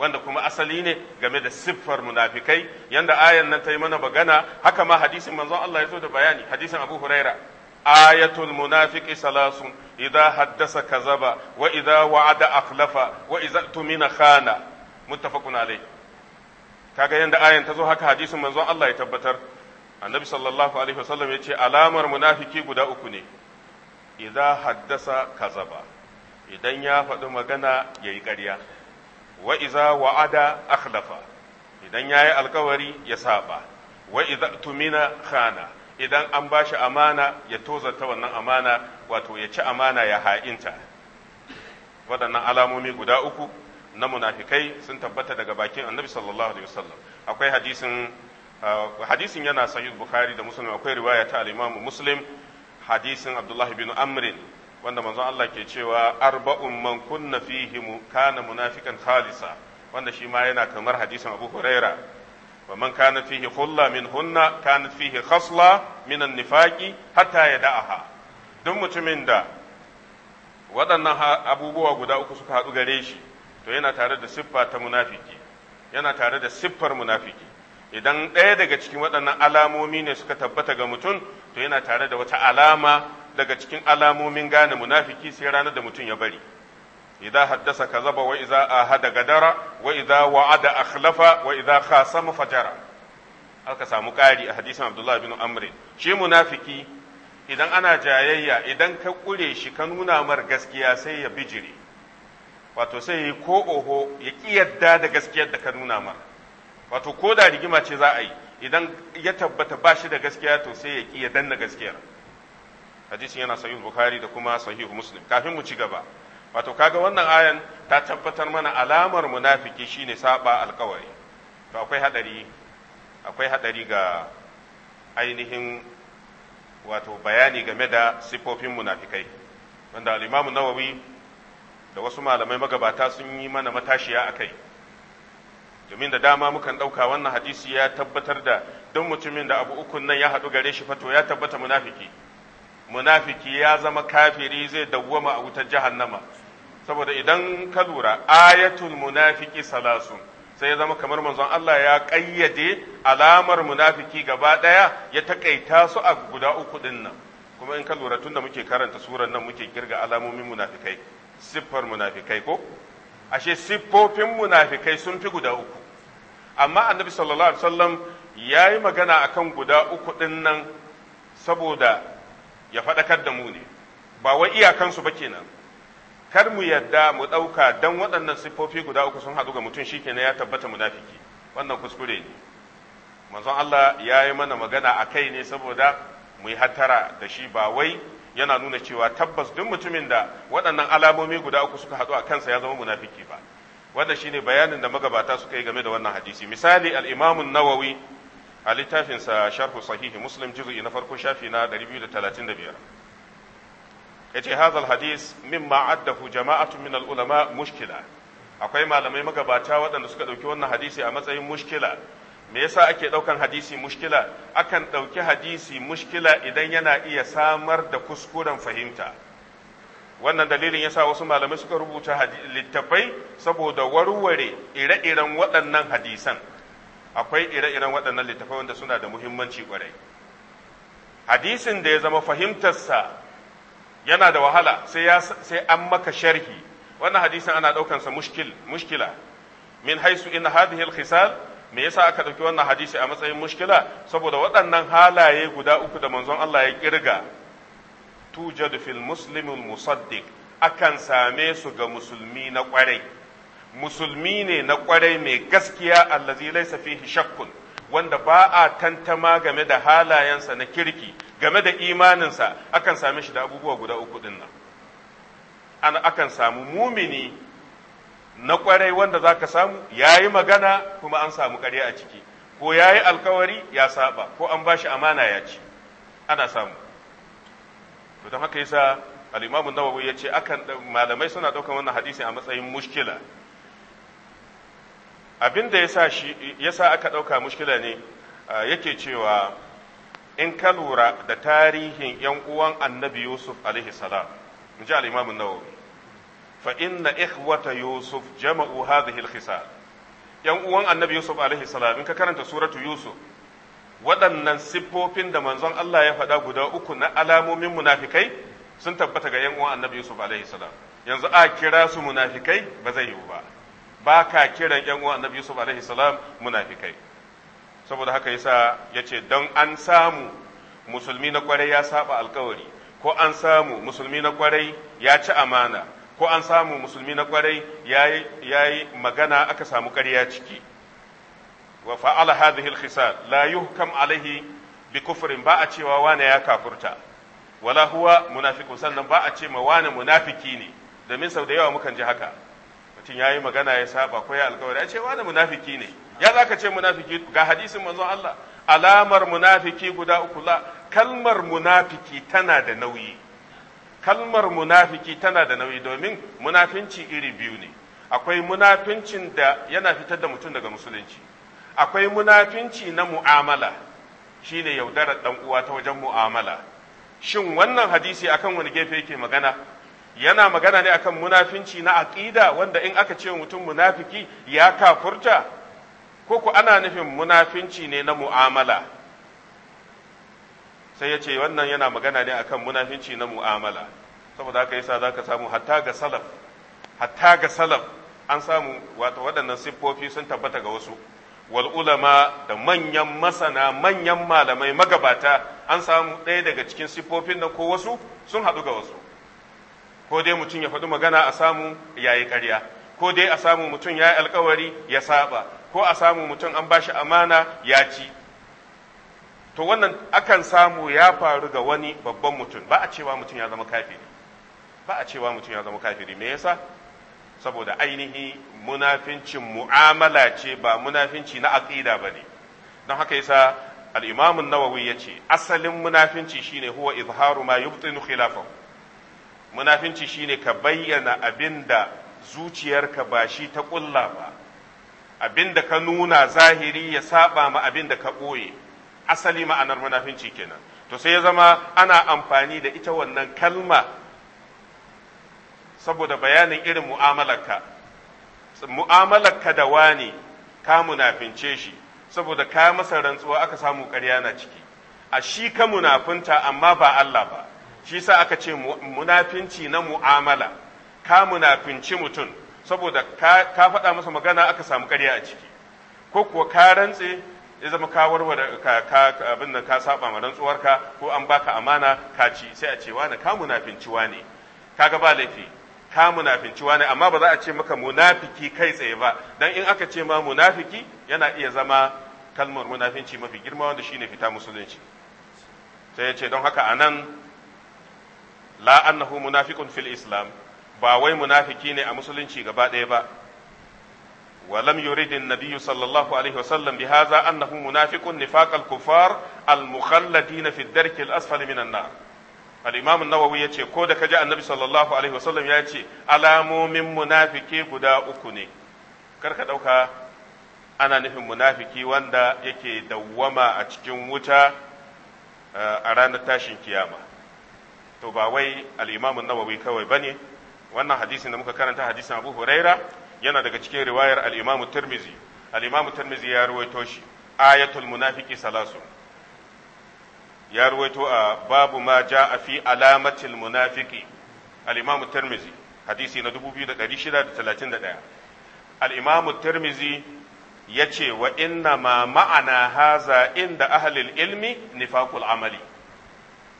wanda kuma asali ne game da siffar munafikai yanda ayan nan ta yi mana bagana haka ma hadisin manzon Allah ya zo da bayani hadisin Abu Huraira ayatul munafiqi salasun idza haddasa kazaba wa idza wa'ada akhlafa wa idza tumina khana muttafaqun alayh kaga yanda ayan ta zo haka hadisin manzon Allah ya tabbatar annabi sallallahu alaihi wasallam ya ce alamar munafiki guda uku ne idza haddasa kazaba idan ya faɗi magana yayi ƙarya wa idza wa'ada akhlafa idan yayi alkawari ya saba wa idza tumina khana idan an bashi amana ya tozarta wannan amana wato ya ci amana ya ha'inta waɗannan alamomi guda uku na munafikai sun tabbata daga bakin annabi sallallahu alaihi wasallam akwai hadisin uh, hadisin yana sahih bukhari da muslim akwai riwaya ta al-imam muslim hadisin abdullah bin amr wanda manzon Allah ke cewa arba'un man kunna fihi kana munafikan khalisa wanda shi ma yana kamar hadisin abu huraira wa man kana fihi khulla min hunna kana fihi khasla min an-nifaqi hatta yada'aha duk mutumin da waɗannan abubuwa guda uku suka haɗu gare shi to yana tare da siffa ta munafiki yana tare da siffar munafiki idan ɗaya daga cikin waɗannan alamomi ne suka tabbata ga mutum to yana tare da wata alama daga cikin alamomin gane munafiki sai ranar da mutum ya bari idza haddasa kazaba wa idza ahada gadara wa idza wa'ada akhlafa wa idza khasama fajara aka samu ƙari a hadisin Abdullah bin Amr shi munafiki idan ana jayayya idan ka kure shi ka nuna mar gaskiya sai ya bijire wato sai ya yi ko oho ya ƙi yadda da gaskiyar da ka nuna ma wato ko da rigima ce za a yi idan ya tabbata ba shi da gaskiya to sai ya ƙi ya danna gaskiyar hadisin yana sahih bukhari da kuma sahih muslim kafin mu ci gaba wato kaga wannan ayan ta tabbatar mana alamar munafiki shine saba alkawari to akwai hadari akwai hadari ga ainihin wato bayani game da sifofin munafikai wanda al-imamu nawawi da wasu malamai magabata sun yi mana matashiya a kai domin da dama mukan ɗauka wannan hadisi ya tabbatar da don mutumin da abu ukun nan ya haɗu gare shi fato ya tabbata munafiki munafiki ya zama kafiri zai dawwama a wutar jahannama saboda idan ka lura ayatul munafiki salasun sai ya zama kamar manzon Allah ya ƙayyade alamar munafiki gaba ɗaya ya taƙaita su a guda uku ɗin nan kuma in ka lura tun da muke karanta surar nan muke kirga alamomin munafikai siffar munafikai ko ashe siffofin munafikai sun fi guda uku amma annabi sallallahu alaihi wasallam ya yi magana akan guda uku din nan saboda ya faɗakar da mu ne ba wai iyakansu ba kenan kar mu yadda mu ɗauka don waɗannan siffofi guda uku sun haɗu ga mutum shi kenan ya tabbata munafiki wannan kuskure ne manzon Allah ya yi mana magana a kai ne saboda mu yi hattara da shi ba wai yana nuna cewa tabbas duk mutumin da waɗannan alamomi guda uku suka haɗu a kansa ya zama munafiki ba wanda shine bayanin da magabata suka yi game da wannan hadisi misali al-Imam an-Nawawi a littafinsa sharh sahihi Muslim juz'i na farko shafi na 235 yace hadha al-hadis mimma addahu jama'atu min al-ulama mushkila akwai malamai magabata waɗanda suka ɗauki wannan hadisi a matsayin mushkila me yasa ake ɗaukan hadisi mushkila akan ɗauki hadisi mushkila idan yana iya samar da kuskuren fahimta wannan dalilin yasa wasu malamai suka rubuta littafai saboda warware ire-iren waɗannan hadisan akwai ire-iren waɗannan littafai wanda suna da muhimmanci kwarai hadisin da ya zama fahimtarsa yana da wahala sai an maka sharhi wannan hadisin ana ɗaukansa mushkila min haisu in hadhihi al-khisal me yasa aka ɗauki wannan hadisi a matsayin mushkila saboda waɗannan halaye guda uku da manzon Allah ya kirga tujadu fil muslimul musaddiq akan same su ga musulmi na kwarai musulmi ne na kwarai mai gaskiya allazi laysa fihi shakkun wanda ba a tantama game da halayensa na kirki game da imaninsa akan same shi da abubuwa guda uku din nan akan samu mumini na kwarai wanda za ka samu ya yi magana kuma an samu ƙarya a ciki ko ya yi alkawari ya saba ko an ba shi amana ya ci ana samu to don haka yasa al-imamu nawawi ya ce akan malamai suna ɗaukar wannan hadisi a matsayin mushkila abin da yasa shi aka ɗauka mushkila ne yake cewa in ka lura da tarihin yan uwan annabi yusuf alaihi salam in ji al nawawi fa inna ikhwata yusuf jama'u hadhihi yan uwan annabi yusuf alaihi salam in ka karanta suratu yusuf waɗannan siffofin da manzon Allah ya faɗa guda uku na alamomin munafikai sun tabbata ga yan uwan annabi yusuf alaihi salam yanzu a kira su munafikai ba zai yiwu ba ba ka kiran yan uwan annabi yusuf alaihi salam munafikai saboda haka yasa yace don an samu musulmi na kwarai ya saba alkawari ko an samu musulmi na kwarai ya ci amana ko an samu musulmi na kwarai ya yi magana aka samu ƙarya ciki wa fa'ala hadhihi al-khisal la yuhkam alaihi bi kufrin ba a cewa wane ya kafurta wala huwa munafiqun sannan ba a ce ma wane munafiki ne domin sau da yawa mukan ji haka mutum yi magana ya saba ko ya alƙawari ya ce wane munafiki ne ya za ka ce munafiki ga hadisin manzon Allah alamar munafiki guda uku la kalmar munafiki tana da nauyi kalmar munafiki tana da nauyi domin munafinci iri biyu ne akwai munafincin da yana fitar da mutum daga musulunci akwai munafinci na mu'amala shine yaudarar dan uwa ta wajen mu'amala shin wannan hadisi akan wani gefe yake magana yana magana ne akan munafinci na aqida wanda in aka ce mutum munafiki ya kafurta ko ana nufin munafinci ne na mu'amala sai ya ce wannan yana magana ne akan munafinci na mu'amala saboda haka yasa zaka samu hatta ga salaf hatta ga salaf an samu wato waɗannan siffofi sun tabbata ga wasu wal ulama da manyan masana manyan malamai magabata an samu ɗaya daga cikin siffofin nan ko wasu sun haɗu ga wasu ko dai mutum ya faɗi magana a samu yayi ƙarya ko dai a samu mutum ya yi alkawari ya saba ko a samu mutum an bashi amana ya ci to wannan akan samu ya faru ga wani babban mutum ba a cewa mutum ya zama kafiri ba a cewa mutum ya zama kafiri me yasa saboda ainihi munafincin mu'amala ce ba munafinci na aqida bane don haka yasa al-imam an-nawawi yace asalin munafinci shine huwa izharu ma yubtinu khilafahu munafinci shine ka bayyana abinda zuciyarka ba shi ta kulla ba abinda ka nuna zahiri ya saba ma abinda ka boye asali ma'anar munafinci kenan to sai ya zama ana amfani da ita wannan kalma saboda bayanin irin mu'amalarka mu'amalarka da wani ka munafince shi saboda ka masa rantsuwa aka samu ƙarya na ciki a shi ka munafinta amma ba Allah ba shi sa aka ce munafinci na mu'amala ka munafinci mutum saboda ka faɗa masa magana aka samu ƙarya a ciki ko kuwa ka rantse ya zama ka warware ka abin da ka saba ma rantsuwarka ko an baka amana ka ci sai a ce wani ka munafinci wani kaga ba laifi ka munafinci wani amma ba za a ce maka munafiki kai tsaye ba dan in aka ce ma munafiki yana iya zama kalmar munafinci mafi girma wanda shine fita musulunci sai ya ce don haka anan la annahu munafiqun fil islam ba wai munafiki ne a musulunci gaba ɗaya ba ولم يرد النبي صلى الله عليه وسلم بهذا أنه منافق نفاق الكفار المخلدين في الدرك الأسفل من النار الإمام النووي يتي كودا كجاء النبي صلى الله عليه وسلم يتي ألام من منافقي قدا أكني كركا دوكا أنا نفهم منافقي واندا يكي دوما أتكين وتا أرانا تاشين كياما تو باوي الإمام النووي كوي بني wannan hadisin da muka karanta hadisin abu huraira yana daga cikin riwayar al-Imam Tirmidhi al ya ruwaito shi ayatul munafiqi salasu ya ruwaito a babu ma ja a fi alamatil munafiqi al-Imam Tirmidhi hadisi na 2631 al-Imam ya ce wa inna ma ma'ana haza inda ahlil ilmi nifaqul amali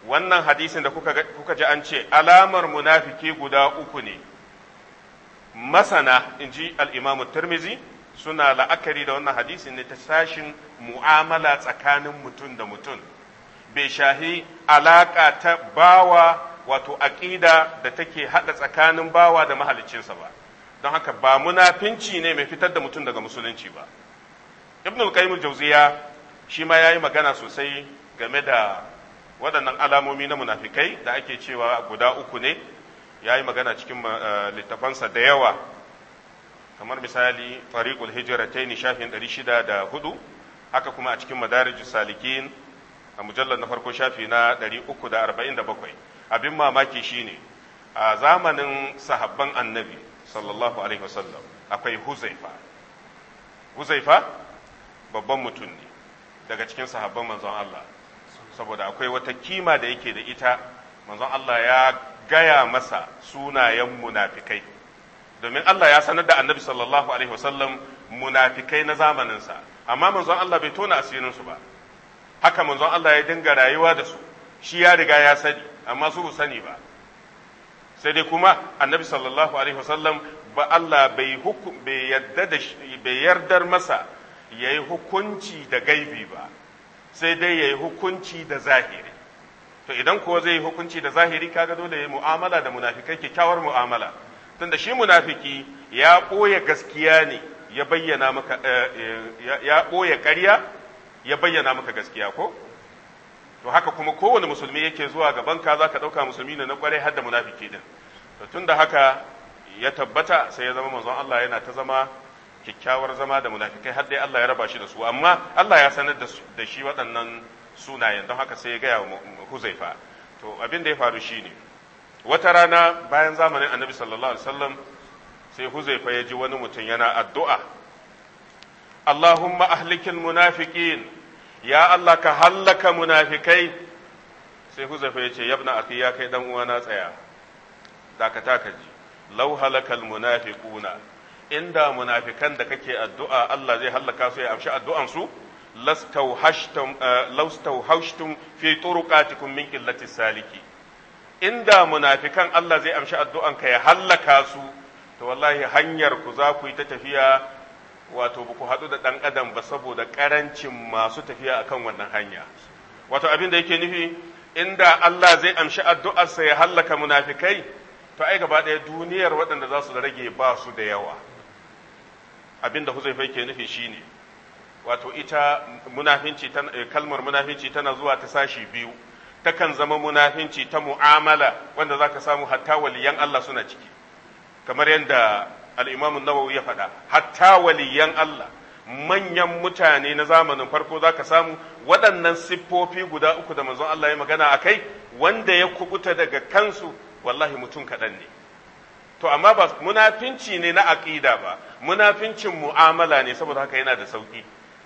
wannan hadisin da kuka ji an ce alamar munafiki guda uku ne masana in ji al'imamu tirmizi suna la'akari da wannan hadisi ne ta sashin mu'amala tsakanin mutum da mutum bai shahi alaƙa ta bawa wato aƙida da take haɗa tsakanin bawa da mahalicinsa ba don haka ba munafinci ne mai fitar da mutum daga musulunci ba ibnul qayyim jauziya shi ma yayi magana sosai game da waɗannan alamomi na munafikai da ake cewa guda uku ne ya yi magana cikin eh, littafansa da yawa kamar misali tariqul hijratain shafin 604 haka kuma a cikin madarijus salikin a mujallar na farko shafi na 347 abin mamaki shine a zamanin sahabban annabi sallallahu alaihi wasallam akwai huzaifa huzaifa babban mutum ne daga cikin sahabban manzon Allah saboda akwai wata kima da yake da ita manzon Allah ya gaya masa sunayen munafikai domin Allah ya sanar da annabi sallallahu alaihi wasallam munafikai na zamaninsa amma manzon Allah bai tona asirinsu ba haka manzon Allah ya dinga rayuwa da su shi ya riga ya sani amma su sani ba sai dai kuma annabi sallallahu alaihi wasallam ba Allah bai hukum bai yarda da bai yardar masa yayi hukunci da gaibi ba sai dai yayi hukunci da zahiri to idan kuwa zai yi hukunci da zahiri kaga dole ya mu'amala da munafikai kyakkyawar mu'amala da shi munafiki ya ɓoye gaskiya ne ya bayyana maka eh, eh, ya ɓoye ƙarya ya bayyana maka gaskiya ko to haka kuma kowane musulmi yake zuwa gaban ka zaka ɗauka musulmi ne na kwarai har da munafiki din to tunda haka ya tabbata sai ya zama manzon Allah yana ta zama kyakkyawar zama da munafikai har dai Allah ya raba shi da su amma Allah ya sanar da shi waɗannan sunayen don haka sai ya gaya wa huzaifa to abin da ya faru shine wata rana bayan zamanin annabi sallallahu alaihi wasallam sai huzaifa ya ji wani mutum yana addu'a Allahumma ahlikin munafiqin ya Allah ka hallaka munafikai sai huzaifa ya ce yabna akhi ya kai dan uwana tsaya dakata ka ji law halakal munafiquna inda munafikan da kake addu'a Allah zai hallaka su ya amshi addu'an su lastauhashtum fi turuqatikum min qillati saliki inda munafikan Allah zai amshi addu'anka ya hallaka su to wallahi hanyar ku za ku yi ta tafiya wato ba ku haɗu da ɗan adam ba saboda karancin masu tafiya akan wannan hanya wato abin da yake nufi inda Allah zai amshi addu'arsa ya hallaka munafikai to ai gaba ɗaya duniyar waɗanda za su rage ba su da yawa abin da Huzaifa yake nufi shine wato ita munafinci eh, kalmar munafinci tana zuwa ta sashi biyu takan zama munafinci ta mu'amala wanda zaka samu hatta waliyan Allah suna ciki kamar yadda al-Imam nawawi ya faɗa hatta waliyan Allah manyan mutane na zamanin farko zaka samu waɗannan siffofi guda uku da manzon Allah ya magana akai wanda ya kubuta daga kansu wallahi mutum kaɗan ne to amma ba munafinci ne na aƙida ba munafincin mu'amala ne saboda haka yana da sauƙi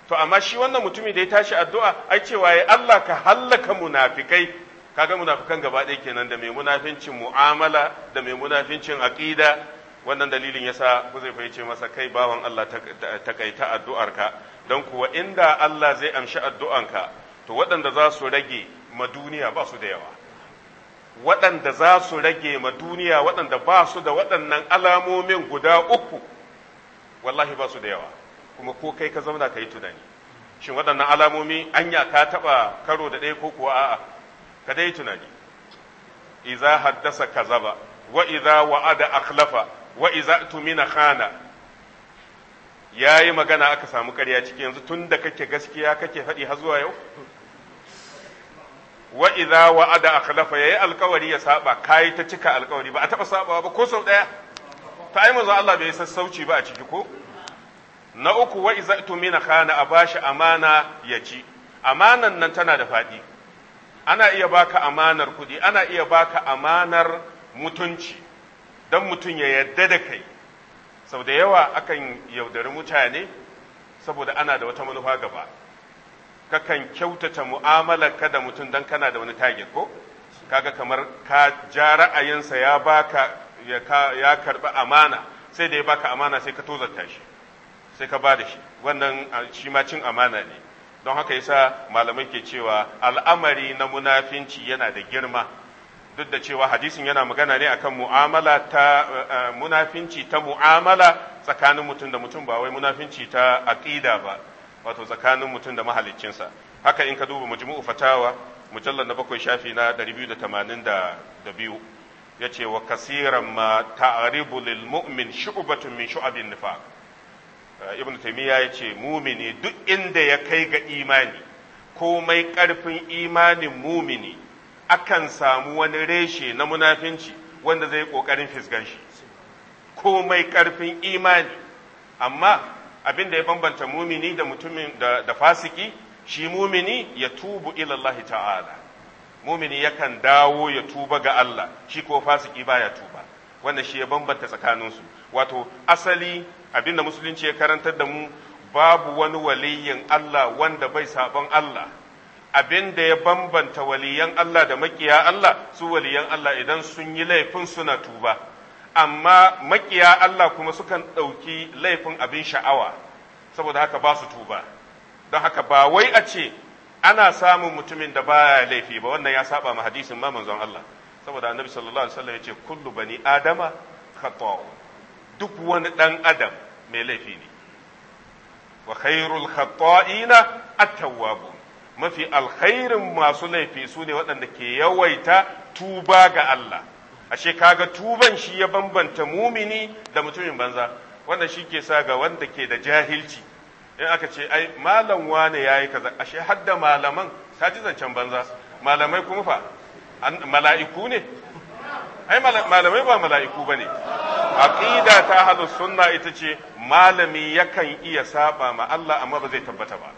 to amma shi wannan mutumin da ya tashi addu'a ai cewa ya Allah ka hallaka munafikai kaga munafikan gaba ɗaya kenan da mai munafincin mu'amala da mai munafincin aqida wannan dalilin yasa Huzaifa zai ce masa kai bawan Allah takaita addu'arka don kuwa inda Allah zai amshi addu'anka to waɗanda za su rage ma duniya ba su da yawa waɗanda za su rage ma duniya waɗanda ba su da waɗannan alamomin guda uku wallahi ba su da yawa kuma ko kai ka zauna ka yi tunani shin waɗannan alamomi anya ka taɓa karo da ɗaya ko kuwa a'a ka dai tunani iza haddasa kazaba wa iza wa'ada akhlafa wa iza tumina khana yayi magana aka samu ƙarya ciki yanzu tun da kake gaskiya kake faɗi har zuwa yau wa iza wa'ada akhlafa yayi alkawari ya saba kai ta cika alkawari ba a taɓa sabawa ba ko sau ɗaya ta ai manzo Allah bai sassauci ba a ciki ko na uku wa iza tumina khana a bashi amana ya ci amanan nan tana da faɗi ana iya baka amanar kuɗi ana iya baka amanar mutunci don mutum ya yarda da kai sau da yawa akan yaudari mutane saboda ana da wata manufa gaba kakan kyautata mu'amalar ka da mutum don kana da wani target ko kaga kamar ka ja ra'ayinsa ya baka ya karba amana sai da ya baka amana sai ka tozarta shi sai ka ba da shi wannan shi ma cin amana ne don haka yasa malamai ke cewa al'amari na munafinci yana da girma duk da cewa hadisin yana magana ne akan mu'amala ta munafinci ta mu'amala tsakanin mutum da mutum ba wai munafinci ta aqida ba wato tsakanin mutum da mahaliccinsa haka in ka duba majmu'u fatawa mujallar na bakwai shafi na 282 yace wa kasiran ma ta'ribu lil mu'min shu'batun min shu'abin nifaq Eh, ibn Taimiyya ya ce mumini duk inda ya kai ga imani komai ƙarfin imanin mumini akan samu wani reshe na munafinci wanda zai ƙoƙarin fisgan shi komai ƙarfin imani amma abin da ya bambanta mumini da mutumin da fasiki shi mumini ya tubu ilallahi ta'ala mumini yakan dawo ya tuba ga Allah shi ko fasiki baya tuba wannan shi ya bambanta tsakaninsu wato asali abinda musulunci ya karantar da mu babu wani waliyin Allah wanda bai sabon Allah abinda ya bambanta waliyan Allah da makiya Allah su waliyan Allah idan sun yi laifin suna tuba amma makiya Allah kuma sukan ɗauki laifin abin sha'awa saboda haka ba su tuba don haka ba wai a ce ana samun mutumin da baya laifi ba wannan ya saba ma hadisin ma manzon Allah saboda annabi sallallahu alaihi wasallam ya ce kullu bani adama khata'un duk wani ɗan adam mai laifi ne wa khairul khatta'ina at mafi alkhairin masu laifi su ne waɗanda ke yawaita tuba ga Allah ashe kaga tuban shi ya bambanta mumini da mutumin banza wanda shi ke sa ga wanda ke da jahilci in aka ce ai malam wane yayi kaza ashe hadda malaman ta ji zancen banza malamai kuma fa mala'iku ne ai malamai ba mala'iku bane aqida ta ahlus sunna ita ce malami yakan iya saɓa ma Allah amma ba zai tabbata ba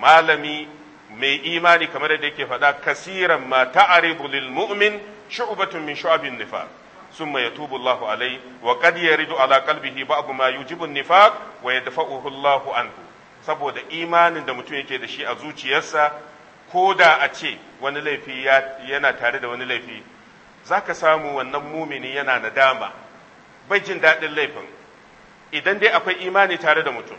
malami mai imani kamar da yake faɗa kasiran ma ta'aridu lil mu'min shu'batun min shu'abin nifaq summa yatubu Allahu alai wa ya yaridu ala qalbihi ba'd ma yujibu an-nifaq wa yadfa'uhu Allahu anhu saboda imanin da mutum yake da shi a zuciyarsa ko da a ce wani laifi yana tare da wani laifi zaka samu wannan mumini yana nadama bai jin daɗin laifin idan dai akwai imani tare da mutum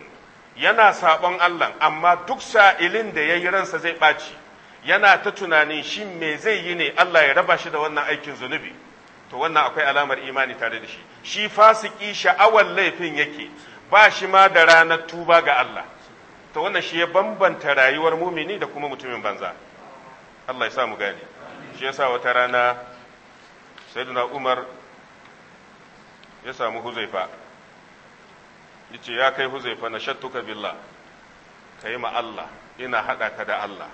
yana saɓon Allah amma duk sa'ilin da ya yi ransa zai ɓaci yana ta tunanin shi me zai yi ne Allah ya raba shi da wannan aikin zunubi to wannan akwai alamar imani tare da shi shi fasiki sha'awar laifin yake ba shi ma da ranar tuba ga Allah to wannan shi ya bambanta rayuwar mumini da kuma mutumin banza Allah ya sa mu gane shi ya sa wata rana sayyiduna Umar ya samu huzaifa yace ya kai huzaifa na shattuka billah ka yi Allah ina haɗa ka da Allah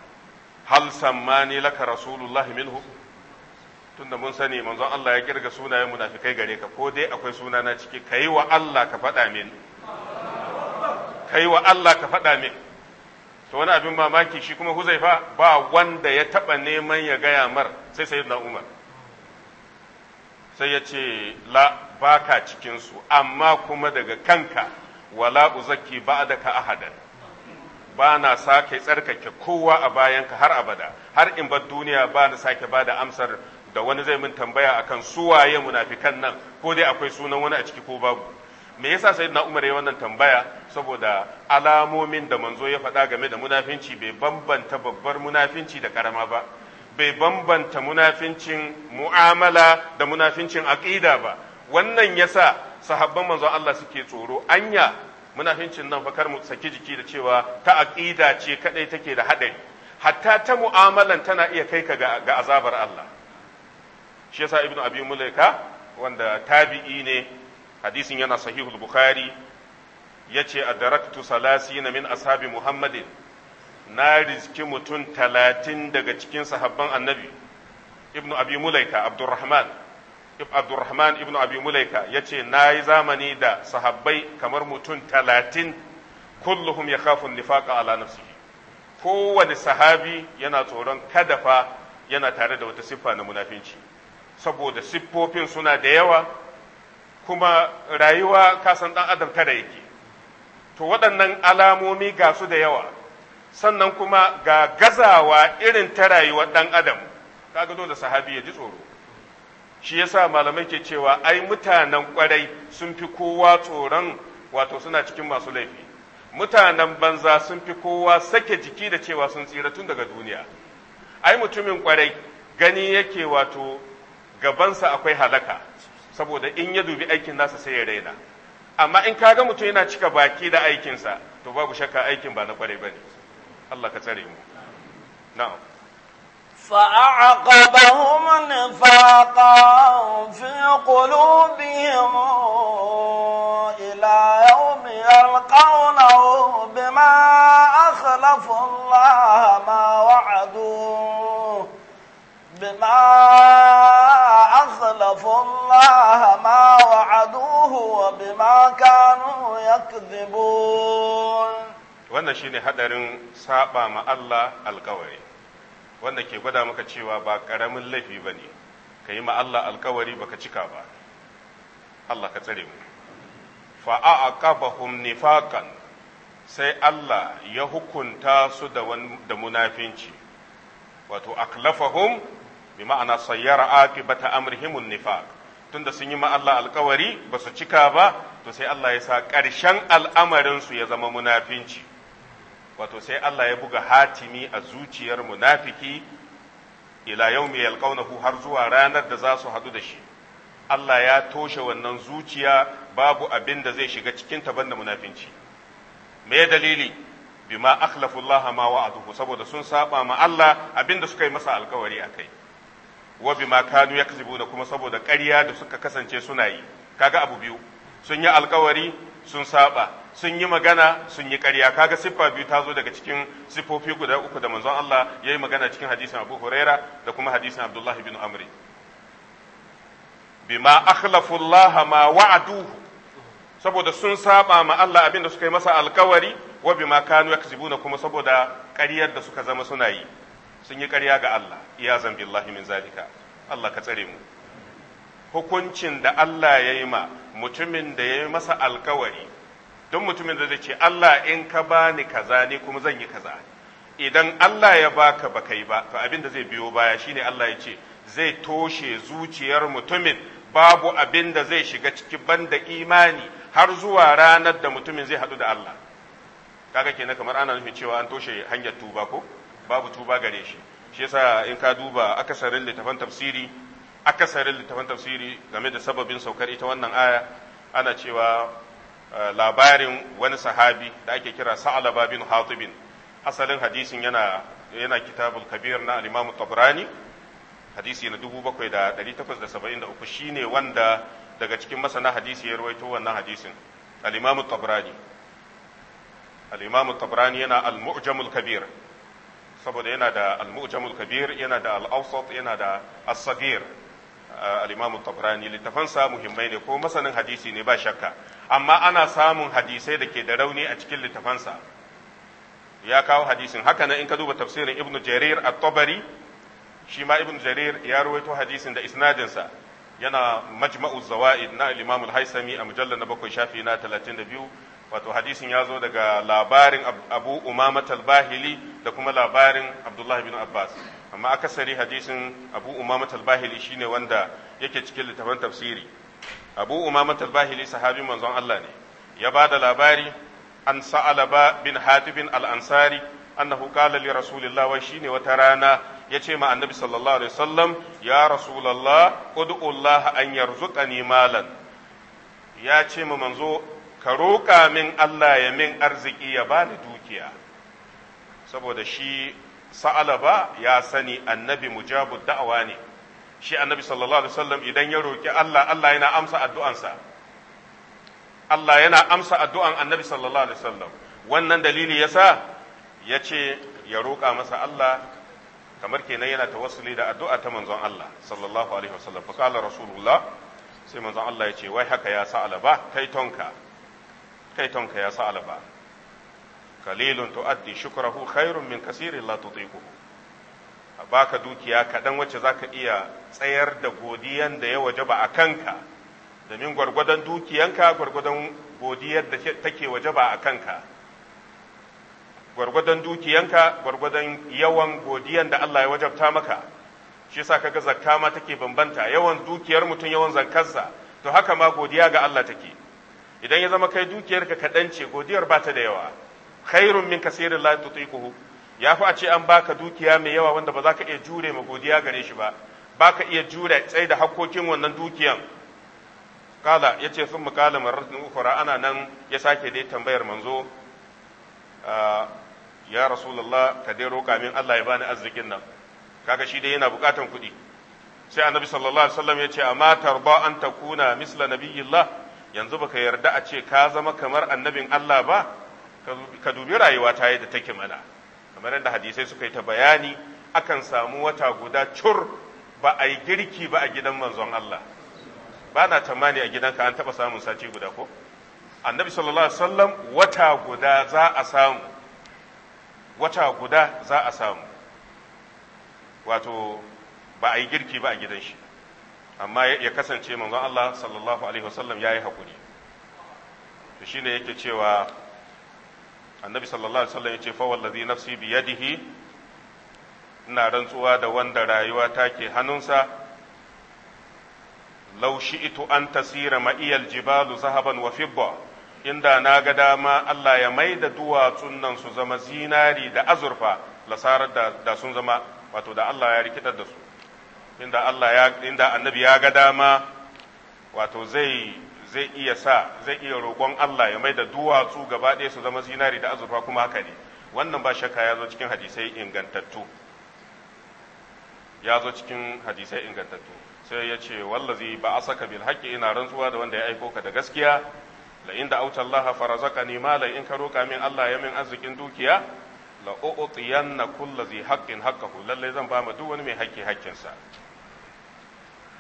hal sammani laka rasulullahi minhu tunda mun sani manzo Allah ya kirga sunayen munafikai gare ka ko dai akwai sunana ciki ka yi wa Allah ka faɗa min ka yi wa Allah ka faɗa min to wani abin mamaki shi kuma huzaifa ba wanda ya taɓa neman ya gaya mar sai sayyidina umar sai ya ce la baka cikinsu amma kuma daga kanka wala uzaki ba'daka ahadan ba na sake tsarkake kowa a bayanka har abada har in ba duniya ba na sake ba da amsar da wani zai min tambaya akan suwaye munafikan nan ko dai akwai sunan wani a ciki ko babu me yasa sayyidina Umar ya wannan tambaya saboda alamomin da manzo ya faɗa game da munafinci bai bambanta babbar munafinci da karama ba bai bambanta munafincin mu'amala da munafincin aƙida ba wannan yasa sahabban manzon Allah suke tsoro anya munafincin nan fakar mu saki jiki da cewa ta aqida ce kadai take da hadari hatta ta mu'amalan tana iya kai ka ga azabar Allah shi yasa ibnu abi mulaika wanda tabi'i ne hadisin yana sahihul bukhari yace adaraktu salasina min ashabi muhammadin na rizki mutum talatin daga cikin sahabban annabi ibnu abi mulaika abdurrahman abdurrahman ibn abi mulaika ya ce na yi zamani da sahabbai kamar mutum talatin kulluhum ya kafin nifaƙa ala nafsihi kowane sahabi yana tsoron kada fa yana tare da wata siffa na munafinci saboda siffofin suna da yawa kuma rayuwa kasan ɗan adam tara yake to waɗannan alamomi ga su da yawa sannan kuma ga gazawa irin ta rayuwar ɗan adam kaga dole sahabi ya ji tsoro shi yasa malamai ke cewa ai mutanen kwarai sun fi kowa tsoron wato suna cikin masu laifi mutanen banza sun fi kowa sake jiki da cewa sun tsira tun daga duniya ai mutumin kwarai gani yake wato gabansa akwai halaka saboda in ya dubi aikin nasa sai ya raina amma in ka ga mutum yana cika baki da aikinsa to babu shakka aikin ba na kwarai bane Allah ka tsare mu na'am فأعقبهم نفاقا في قلوبهم إلى يوم يلقونه بما أخلف الله ما وعدوه بما أخلف الله ما وعدوه وبما كانوا يكذبون وانا شيني hadarin سابا ما الله القوي wanda ke gwada maka cewa ba ƙaramin laifi ba ne ka yi Allah alkawari baka cika ba Allah ka tsare mu fa'aqabahum nifaqan sai Allah ya hukunta su da munafinci wato aklafahum bi ma'ana sayyara bata amrihimun tun tunda sun yi ma Allah alkawari ba su cika ba to sai Allah ya sa ƙarshen al'amarinsu ya zama munafinci wato sai Allah ya buga hatimi a zuciyar munafiki ila mai yalqaunahu har zuwa ranar da za su hadu da shi Allah ya toshe wannan zuciya babu abin da zai shiga cikin ta banda munafinci me dalili bima akhlafu Allah ma wa'aduhu saboda sun saba ma Allah abin da suka yi masa alkawari akai wa bima kanu yakzibuna kuma saboda ƙarya da suka kasance suna yi kaga abu biyu sun yi alkawari sun saba sun yi magana sun yi ƙarya kaga siffa biyu ta zo daga cikin siffofi guda uku da manzon Allah ya yi magana cikin hadisin Abu Huraira da kuma hadisin Abdullahi bin Amri bima akhlafu Allah ma wa'aduhu saboda sun saba ma Allah abin da suka yi masa alkawari wa bima kanu yakzibuna kuma saboda ƙaryar da suka zama suna yi sun yi ƙarya ga Allah iyazan billahi min zalika Allah ka tsare mu hukuncin da Allah ya yi ma mutumin da ya yi masa alkawari don mutumin da zai ce Allah in ka bani kaza ne kuma zan yi kaza idan Allah ya baka baka yi ba to abin da zai biyo baya shine Allah ya ce zai toshe zuciyar mutumin babu abin da zai shiga ciki banda imani har zuwa ranar da mutumin zai haɗu da Allah kaga kenan kamar ana nufin cewa an toshe hanyar tuba ko babu tuba gare shi shi yasa in ka duba akasarin littafan tafsiri akasarin littafin tafsiri game da sababin saukar ita wannan aya ana cewa eh, labarin wani sahabi da ake kira sa'alaba bin hatibin asalin hadisin yana yana kitabul kabir na al-imam tabrani hadisi na 7873 shine wanda daga cikin masana hadisi ya rawaito wannan hadisin al tabrani al tabrani yana al-mu'jamul kabir saboda yana da al-mu'jamul kabir yana da al-awsat yana da as-sagir al-Imam Tabrani littafansa muhimmai ne ko masanin hadisi ne ba shakka amma ana samun hadisai da ke da rauni a cikin littafansa ya kawo hadisin haka nan in ka duba tafsirin Ibn Jarir at-Tabari shi ma Ibn Jarir ya rawaito hadisin da sa yana majma'u zawaid na al al-Haisami a mujallal na bakwai shafi na 32 wato hadisin ya zo daga labarin Abu Umama al-Bahili da kuma labarin Abdullah bin Abbas amma akasari hadisin abu umama talbahili shine wanda yake cikin littafin tafsiri abu umama talbahili sahabi manzon Allah ne ya ba da labari an sa'alaba bin hatibin al-ansari annahu qala li rasulillah wai shine wata rana yace ma annabi sallallahu alaihi wasallam ya rasulullah ud'u Allah an yarzuqani malan ya ce ma manzo ka roƙa min Allah ya min arziki ya bani dukiya saboda shi sa'ala ba ya sani annabi mujabu da'awa ne shi annabi sallallahu alaihi wasallam idan ya roƙi Allah Allah yana amsa addu'ansa Allah yana amsa addu'an annabi sallallahu alaihi wasallam wannan dalili ya sa ya ce ya roƙa masa Allah kamar kenan yana tawassuli da addu'a ta manzon Allah sallallahu alaihi wasallam fa qala rasulullah sai manzon Allah ya ce wai haka ya sa'ala ba kai tonka kai tonka ya sa'ala ba kalilun to tu'addi shukrahu khairun min kasirin la tutiquhu a baka dukiya kaɗan wacce zaka iya tsayar da godiyan da ya wajaba a kanka domin gwargwadon dukiyanka gwargwadon godiyar da take wajaba a kanka gwargwadon dukiyanka gwargwadon yawan godiyan da Allah ya wajabta maka shi yasa kaga zakka ma take bambanta yawan dukiyar mutum yawan zakarsa to haka ma godiya ga Allah take idan ya zama kai dukiyarka kaɗan ce godiyar ba ta da yawa khairun min kasirin la tutiquhu ya fi a ce an baka dukiya mai yawa wanda ba za ka iya jure ma godiya gare shi ba baka ka iya jure tsaida da wannan dukiyan kala ya ce sun mukala marratin ukura ana nan ya sake dai tambayar manzo ah, ya rasulullah ka dai roƙa min Allah ya bani arzikin nan kaga shi dai yana buƙatan kuɗi sai annabi sallallahu alaihi wasallam ya ce amma tarba an takuna misla nabiyillah yanzu baka yarda a ce ka zama kamar annabin Allah ba ka dubi rayuwa ta yadda take mana kamar yadda hadisai suka yi ta bayani akan samu wata guda cur ba a yi girki ba a gidan manzon Allah ba na tamani a gidanka an taɓa samun sati guda ko annabi sallallahu alaihi wasallam wata guda za a samu wata guda za a samu wato ba a yi girki ba a gidan shi amma ya kasance manzon Allah sallallahu alaihi wasallam ya yi haƙuri to shine yake cewa annabi sallallahu alaihi wasallam ya ce fa wallazi nafsi biyadihi ina rantsuwa da wanda rayuwa take hannunsa law shi'tu an tasira ma'iyal jibalu zahaban wa fidda inda na ga dama Allah ya mai da duwatsun nan su zama zinari da azurfa lasarar da, da sun zama wato da Allah ya rikitar da su inda Allah ya inda annabi ya ga dama wato zai zai iya sa zai iya roƙon Allah ya mai da duwatsu gaba ɗaya su zama zinari da azurfa kuma haka ne wannan ba shakka ya zo cikin hadisai ingantattu ya zo cikin hadisai ingantattu sai ya ce wallazi ba a saka bil haƙƙi ina rantsuwa da wanda ya aiko ka da gaskiya la inda auta Allah farazaka ni malai in ka roƙa min Allah ya min arzikin dukiya la uqtiyanna kullazi haqqin haqqahu lalle zan ba ma duk wani mai haƙƙi haƙƙinsa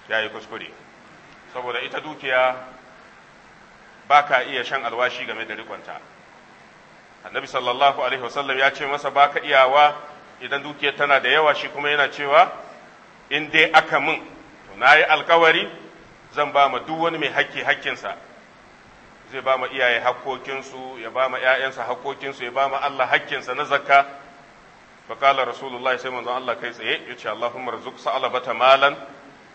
yayi kuskure saboda ita dukiya ba ka iya shan alwashi game da rikonta annabi sallallahu alaihi wasallam ya ce masa ba ka iyawa idan dukiyar tana da yawa shi kuma yana cewa in dai aka min to na yi alkawari zan ba ma duk wani mai hakki hakkinsa zai ba ma iyaye hakkokinsu ya ba ma 'ya'yansa hakkokinsu ya ba ma Allah hakkinsa na zakka فقال رسول الله سيما الله كيس إيه يتشى اللهم رزق سألبة مالا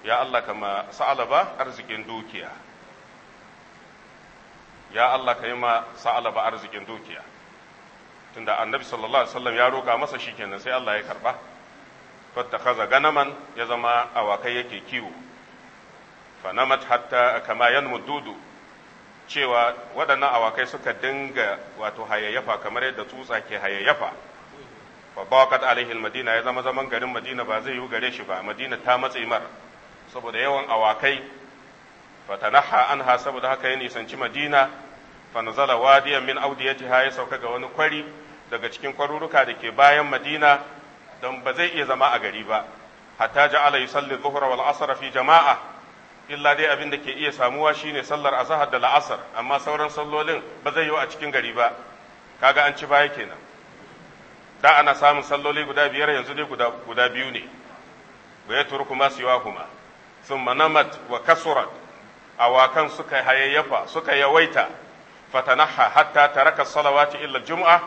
ya الله كما sa'alaba arzikin dukiya. ya Allah ka yi ma sa'alaba arzikin dukiya tunda annabi sallallahu alaihi wasallam ya roƙa masa shikenan sai Allah ya karba fattakaza ganaman ya zama awakai yake kiwo fanamat hatta kama yanmu dudu cewa waɗannan awakai suka dinga wato hayayyafa kamar yadda tsutsa ke hayayyafa fa baqat alaihi almadina ya zama zaman garin madina ba zai yi gare shi ba madina ta matse mar saboda yawan awakai fatanaha anha saboda haka ya nisanci madina fanazala wadiyan min audiyatiha ya sauka ga wani kwari daga cikin kwaruruka da ke bayan madina don ba zai iya zama a gari ba hatta ja'ala yusalli dhuhra wal asr fi jama'a illa dai abin da ke iya samuwa shine sallar Asahar da la'asar amma sauran sallolin ba zai yi a cikin gari ba kaga an ci baya kenan da ana samun salloli guda biyar yanzu dai guda biyu ne wa yatruku ma siwa kuma thumma namat wa kasurat awakan suka hayayyafa suka yawaita fatanaha hatta taraka salawati illa juma'a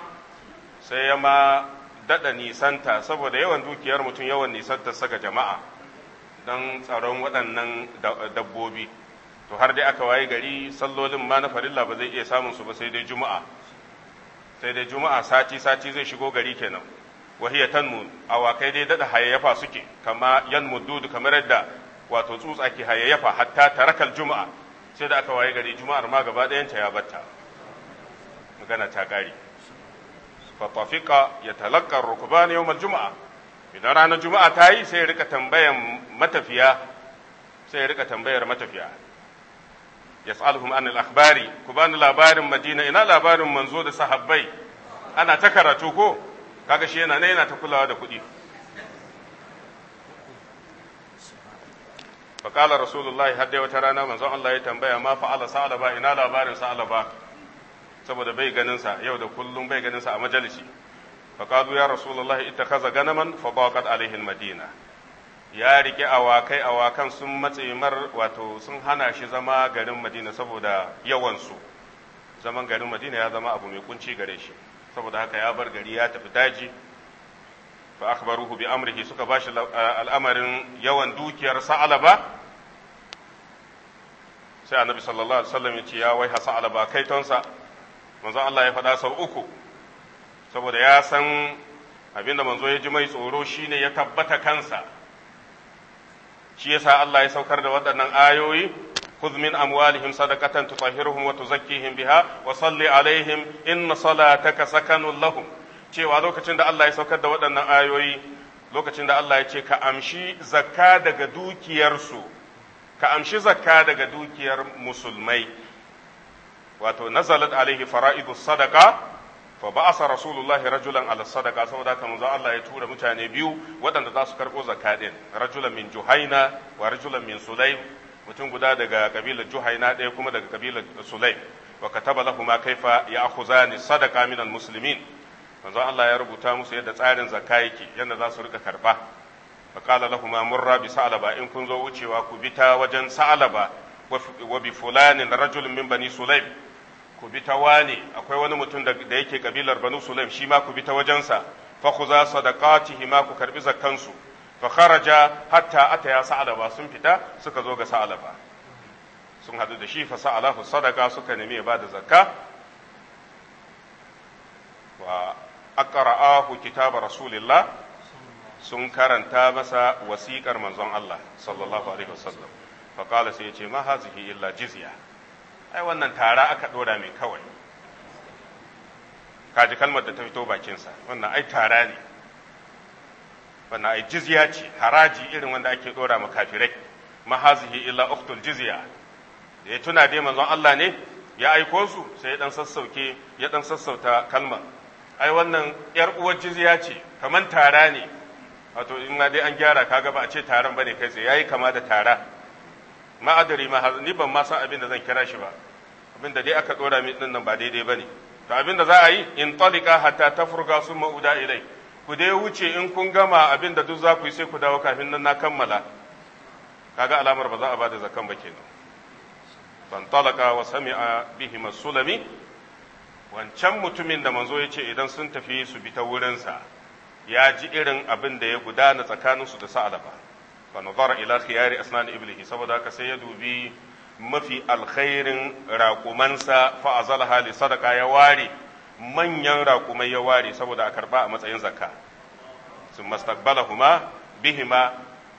sai ya ma dada nisanta saboda yawan dukiyar mutum yawan nisanta saka jama'a don tsaron waɗannan dabbobi to har dai aka waye gari sallolin ma na farilla ba zai iya samun su ba sai dai juma'a sai dai juma'a sati sati zai shigo gari kenan wahiyatan mu awakai dai dada hayayyafa suke kama yan mududu kamar yadda wato tsutsa ke hayayyafa hatta tarakal juma'a sai da aka waye gari juma'ar ma gaba ɗayanta ya batta magana ta ƙari fatafika ya talakkar rukuban yawmal juma'a idan ranar juma'a ta yi sai rika tambayan matafiya sai ya rika tambayar matafiya yas'aluhum an al-akhbari ku bani labarin madina ina labarin manzo da sahabbai ana ta karatu ko kaga shi yana ne yana ta kulawa da kuɗi fa rasulullahi hadda wata rana manzon Allah ya tambaya ma fa'ala sa'alaba ina labarin sa'alaba saboda bai ganin sa yau da kullum bai ganin sa a majalisi fa ya rasulullahi kaza ganaman fa daqat alaihi almadina ya rike awakai awakan sun matse mar wato sun hana shi zama garin madina saboda yawan su zaman garin madina ya zama abu mai kunci gare shi saboda haka ya bar gari ya tafi daji fa akhbaruhu bi amrihi suka bashi al'amarin yawan dukiyar sa'alaba sai annabi sallallahu alaihi wasallam ya ce ya wai sa'alaba kai tonsa manzo Allah ya faɗa sau uku saboda ya san abinda manzo ya ji mai tsoro shine ya tabbata kansa shi yasa Allah ya saukar da waɗannan ayoyi خذ من أموالهم صدقة تطهرهم وتزكيهم بها وصل عليهم إن صلاتك سكن لهم cewa lokacin da Allah ya saukar da waɗannan ayoyi lokacin da Allah ya ce ka amshi zakka daga dukiyarsu ka amshi zakka daga dukiyar musulmai wato nazalat alaihi fara'idu sadaka fa ba'asa rasulullah rajulan ala sadaka saboda haka manzo Allah ya tura mutane biyu waɗanda za su karɓo zakka din rajulan min juhaina wa rajulan min sulaim mutum guda daga kabilar juhaina ɗaya kuma daga kabilar sulaim wa kataba lahumu kaifa ya'khuzani sadaka minal muslimin manzo Allah ya rubuta musu yadda tsarin zakka yake yadda za su rika karba fa qala lahum murra bi sa'laba in kun zo wucewa ku bi ta wajen sa'laba wa bi fulanin rajulun min bani sulaim ku bi ta wani akwai wani mutum da yake kabilar banu sulaim shi ma ku bi ta wajensa fa ku za sadaqatihi ma ku karbi zakkansu fa kharaja hatta ataya sa'laba sun fita suka zo ga sa'laba sun hadu da shi fa sa'alahu sadaqa suka nemi ya bada zakka wa aqra'ahu kitaba rasulillah sun karanta masa wasiƙar manzon Allah sallallahu alaihi wasallam fa qala sai yace ma hazihi illa jizya ai wannan tara aka dora mai kawai kaji kalmar da ta fito bakinsa wannan ai tara ne wannan ai jizya ce haraji irin wanda ake dora ma kafirai ma hazihi illa uktul jizya ya tuna dai manzon Allah ne ya aiko su sai ya dan sassauke ya dan sassauta kalmar ai wannan yar uwar jizya ce kaman tara ne wato in dai an gyara kaga ba a ce taron bane kai tsaye yayi kama da tara ma adari ma ni ban ma san abin da zan kira shi ba abin da dai aka dora min din nan ba daidai bane to abin da za a yi in talika hatta tafurga summa uda ilai ku dai wuce in kun gama abin da duk za ku yi sai ku dawo kafin nan na kammala kaga alamar ba za a bada zakan ba kenan fantalaka wa sami'a bihima sulami wancan mutumin da manzo ya ce idan sun tafi su bi ta wurinsa ya ji irin abin da ya gudana tsakaninsu da sa'alaba fa nazar ila khiyari asnan iblihi saboda haka sai ya dubi mafi alkhairin raƙumansa fa azalha li sadaqa ya ware manyan raƙumai ya ware saboda a karba a matsayin zakka sun mastaqbalahuma bihima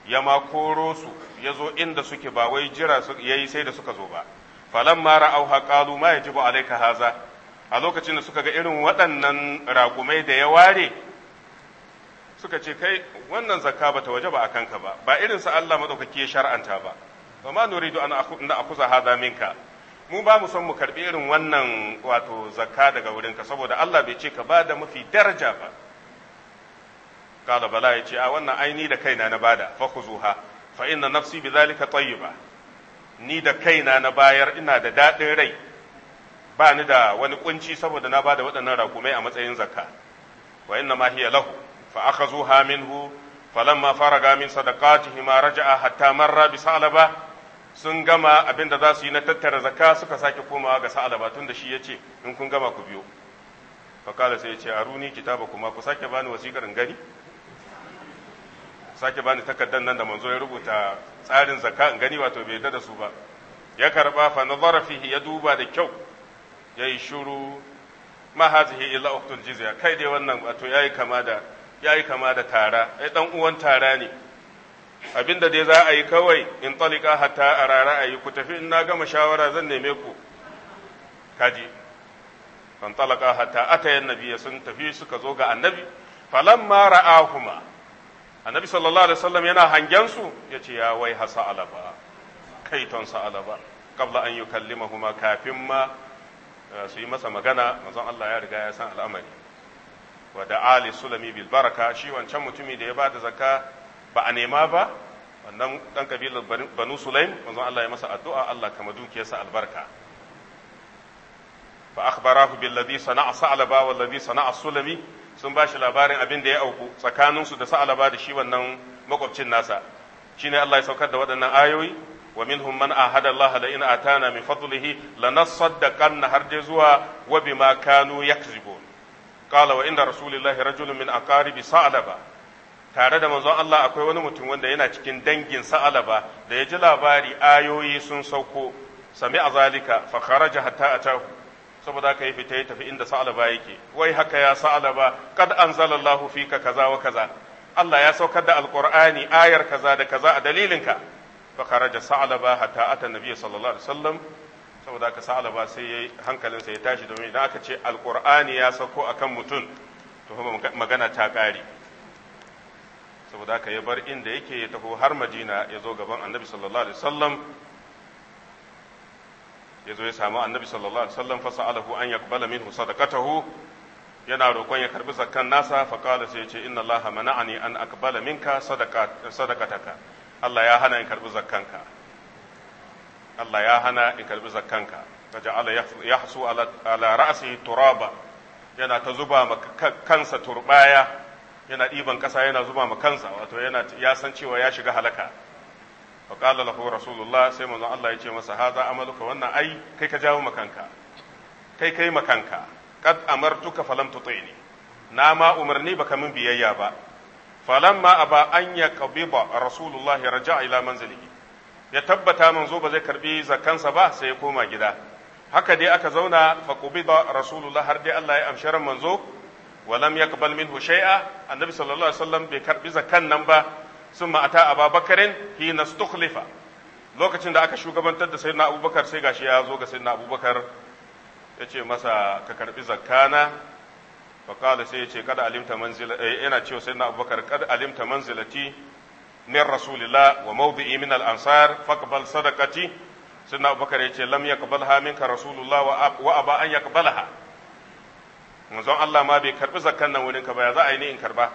ya ma koro su ya zo inda suke ba wai jira yayi sai da suka zo ba falamma ra'au haqalu ma yajibu alayka haza a lokacin da suka ga irin waɗannan raƙumai da ya ware suka ce kai wannan zakka bata waje ba a kanka ba ba irin sa Allah madaukaki ya shar'anta ba to ma nuridu an na akuza hada minka mu ba mu son mu karbi irin wannan wato zakka daga wurin ka saboda Allah bai ce ka ba da mafi daraja ba kala bala ya ce a wannan aini da kaina na bada fa khuzuha fa inna nafsi zalika tayyiba ni da kaina na bayar ina da dadin rai ba ni da wani kunci saboda na bada waɗannan raƙumai a matsayin zakka wa inna ma hiya lahu fa akhazuha minhu falamma faraga min sadaqatihi ma raja'a hatta marra bi salaba sun gama abin da za su yi na tattara zakka suka sake komawa ga salaba tunda shi yace in kun gama ku biyo fa kala sai yace aruni kitaba kuma ku sake bani wasikar in gani sake bani takardar nan da manzo ya rubuta tsarin zakka in gani wato bai da su ba ya karba fa nazara fihi ya duba da kyau yayi shuru ma hazihi illa uktul jizya kai dai wannan wato yayi kama da yayi kama da tara ai dan uwan tara ne abinda dai za a yi kawai in talika hatta a rara a yi ku tafi in na gama shawara zan neme ku kaji fan talaka hatta yan nabiyya sun tafi suka zo ga annabi falamma ra'ahuma annabi sallallahu alaihi wasallam yana hangen su yace ya wai hasa alaba kaiton sa alaba qabla an yukallimahuma kafin ma Eh, su yi masa magana manzon Allah ya riga ya san al'amari wa da ali sulami bil baraka shi wancan mutumi da ya ba da zakka ba a nema ba wannan dan kabilar banu sulaim manzon Allah ya masa addu'a Allah kama dukiyarsa albarka fa akhbarahu bil ladhi sana'a sa'laba wal ladhi sana'a sulami sun ba shi labarin abin da ya auku tsakaninsu da sa'alaba da shi wannan makwabcin nasa shine Allah ya saukar da waɗannan ayoyi wa minhum man ahada Allah la in atana min fadlihi lanasaddaqanna har dai zuwa wa bima kanu yakzibun qala wa inda rasulillahi min tare da manzon Allah akwai wani mutum wanda yana cikin dangin sa'laba da ya ji labari ayoyi sun sauko sami a zalika fa kharaja hatta atahu saboda haka ya fita ya tafi inda sa'laba yake wai haka ya sa'laba kad anzalallahu fika kaza wa kaza Allah ya saukar da alqur'ani ayar kaza da kaza a dalilinka fa kharaja sa'laba hatta ata nabiy sallallahu alaihi wasallam saboda ka sa'laba sai hankalinsa ya tashi domin idan aka ce alqur'ani ya sako akan mutum to magana ta ƙare saboda ka ya bar inda yake ya taho har madina ya zo gaban annabi sallallahu alaihi wasallam ya zo ya samu annabi sallallahu alaihi wasallam fa sa'alahu an yaqbala minhu sadaqatahu yana roƙon ya karbi zakkan nasa fa qala sai ya ce inna allaha mana'ani an aqbala minka sadaqataka Allah ya hana in karbi zakkanka Allah ya hana in karbi zakkanka faja'ala yahsu ala ala ra'sihi turaba yana ta zuba ma kansa turbaya yana ɗiban ƙasa yana zuba ma kansa wato yana ya san cewa ya shiga halaka fa qala lahu rasulullah sai manzon Allah ya ce masa haza amaluka wannan ai kai ka jawo makanka kai kai makanka qad amartuka falam tuti'ni na ma umarni baka min biyayya ba falamma aba an ya qabida rasulullah raja'a ila manzilihi ya tabbata manzo ba zai karɓi zakansa ba sai ya koma gida haka dai aka zauna fa qubida rasulullah har dai Allah ya amshi ran manzo walam yaqbal minhu shay'a annabi sallallahu alaihi wasallam bai karbi zakan nan ba summa ata ababakarin hina stukhlifa lokacin da aka shugabantar da sayyidina abubakar sai gashi ya zo ga sayyidina abubakar yace masa ka karbi zakana faƙala sai ya ce kada alimta manzila eh, yana cewa sai na kada alimta manzilati min rasulillah wa mawdi'i min al-ansar faqbal sadaqati sai na abubakar ya ce lam yaqbalha minka rasulullah wa aba an yaqbalha manzon Allah ma bai karbi zakkan nan wurin ka ya za a yi ni in karba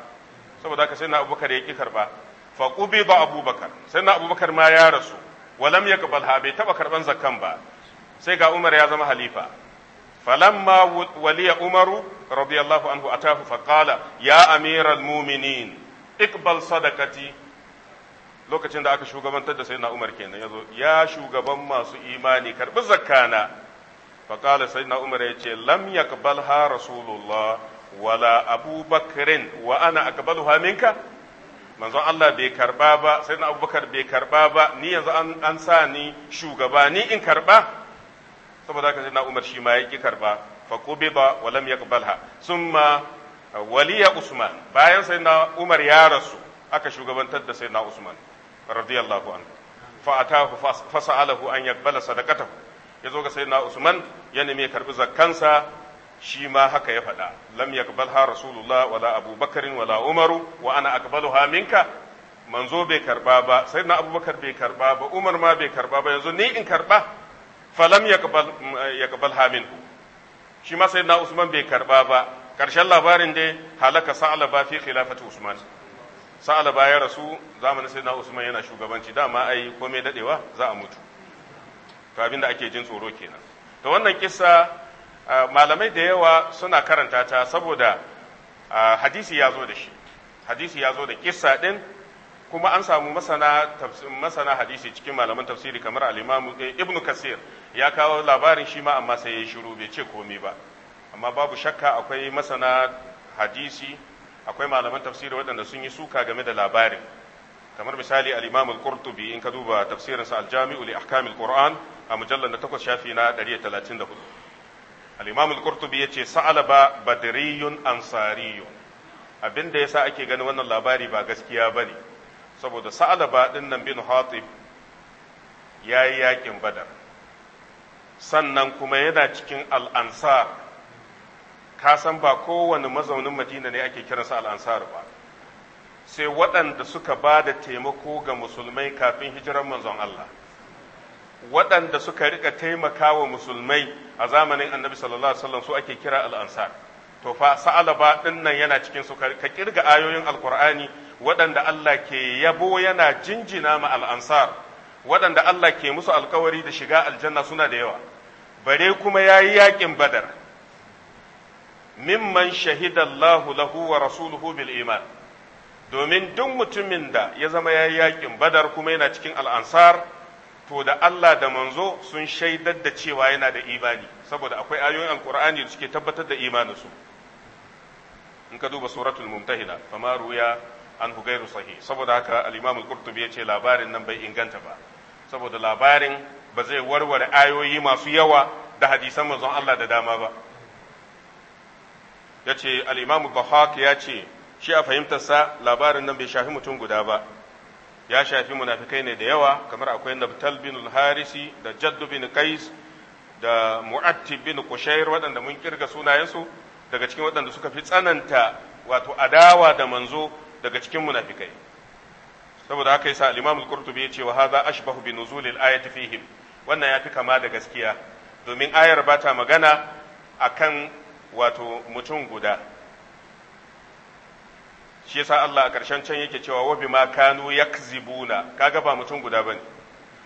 saboda haka sai abubakar ya karba fa qubida abubakar sai abubakar ma ya rasu wa lam ha bai taba karban zakkan ba sai ga Umar ya zama halifa فلما ولي عمر رضي الله عنه أتاه فقال يا أمير المؤمنين اقبل صدقتي lokacin da aka shugabantar da sayyidina Umar kenan yazo ya shugaban masu imani karbi zakkana fa qala sayyidina Umar yace lam yaqbalha rasulullah wala abubakrin wa ana aqbaluha minka manzon Allah bai karba ba sayyidina Abubakar bai karba ba ni yanzu an sa ni shugaba ni in karba saboda haka sai na umar shi ma ya ƙi karba fa qubiba wa lam yaqbalha summa uh, waliya usman bayan sai na umar ya rasu aka shugabantar da sai na usman radiyallahu anhu fa atahu fa sa'alahu an yaqbala sadaqatahu yazo ga sai na usman ya nemi karbi zakkansa shi ma haka ya faɗa lam yaqbalha rasulullah wala abubakar wala umaru wa ana aqbaluha minka manzo bai karba ba sai na abubakar bai karba ba umar ma bai karba ba yanzu ni in karba falam yaqbal hamin shi ma sayyidina usman bai karba ba karshen labarin dai halaka ba fi khilafati usman ba ya rasu zamanin sayyidina usman yana shugabanci dama ai komai dadewa za a mutu to abinda ake jin tsoro kenan to wannan kissa malamai da yawa suna karanta ta saboda hadisi ya zo da shi hadisi ya zo da kissa din kuma an samu masana masana hadisi cikin malaman tafsiri kamar al-Imam Ibn Kasir ya kawo labarin shi ma amma sai ya shiru bai ce komai ba amma babu shakka akwai masana hadisi akwai malaman tafsiri waɗanda sun yi suka game da labarin kamar misali al-Imam Al-Qurtubi in ka duba tafsirin sa Al-Jami'u li Ahkam Al-Qur'an a mujallal na 8 shafi na 134 al-Imam Al-Qurtubi yace sa'alaba badriyun ansariyun abinda yasa ake ganin wannan labari ba gaskiya bane saboda sa'alaba ɗinnan nan bin hatib ya yi yakin badar sannan kuma yana cikin al'ansar ka san ba kowane mazaunin madina ne ake kiransa al'ansar ba sai waɗanda suka ba da taimako ga musulmai kafin hijirar manzon Allah waɗanda suka rika taimaka wa musulmai a zamanin annabi sallallahu wasallam su ake kira al'ansar to fa sa'alaba ɗin yana cikin su ka kirga ayoyin alkur'ani waɗanda Allah ke yabo yana jinjina ma al'ansar waɗanda Allah ke musu alkawari da shiga aljanna suna da yawa bare kuma ya yi yaƙin badar mimman shahidallahu lahu wa rasuluhu bil iman domin duk mutumin da ya zama ya yi yaƙin badar kuma yana cikin al'ansar to da Allah da manzo sun shaidar da cewa yana da imani saboda akwai ayoyin alkur'ani da suke tabbatar da imaninsu su in ka duba suratul mumtahina fama ruya an hugairu sahi saboda haka al-imam al-qurtubi yace labarin nan bai inganta ba saboda labarin ba zai warware ayoyi masu yawa da hadisan manzon Allah da dama ba yace al-imam ya ce shi a sa labarin nan bai shafi mutum guda ba ya shafi munafikai ne da yawa kamar akwai nabtal bin al-harisi da jaddu bin qais da mu'attib bin kushair waɗanda mun kirga sunayensu daga cikin waɗanda suka fi tsananta wato adawa da manzo daga cikin munafikai saboda haka yasa al-Imam al-Qurtubi yace wa hadha ashbahu bi nuzul al-ayati fihim wannan fi kama da gaskiya domin ayar ba ta magana akan wato mutum guda shi yasa Allah a ƙarshen can yake cewa wa bima kanu yakzibuna kaga ba mutum guda bane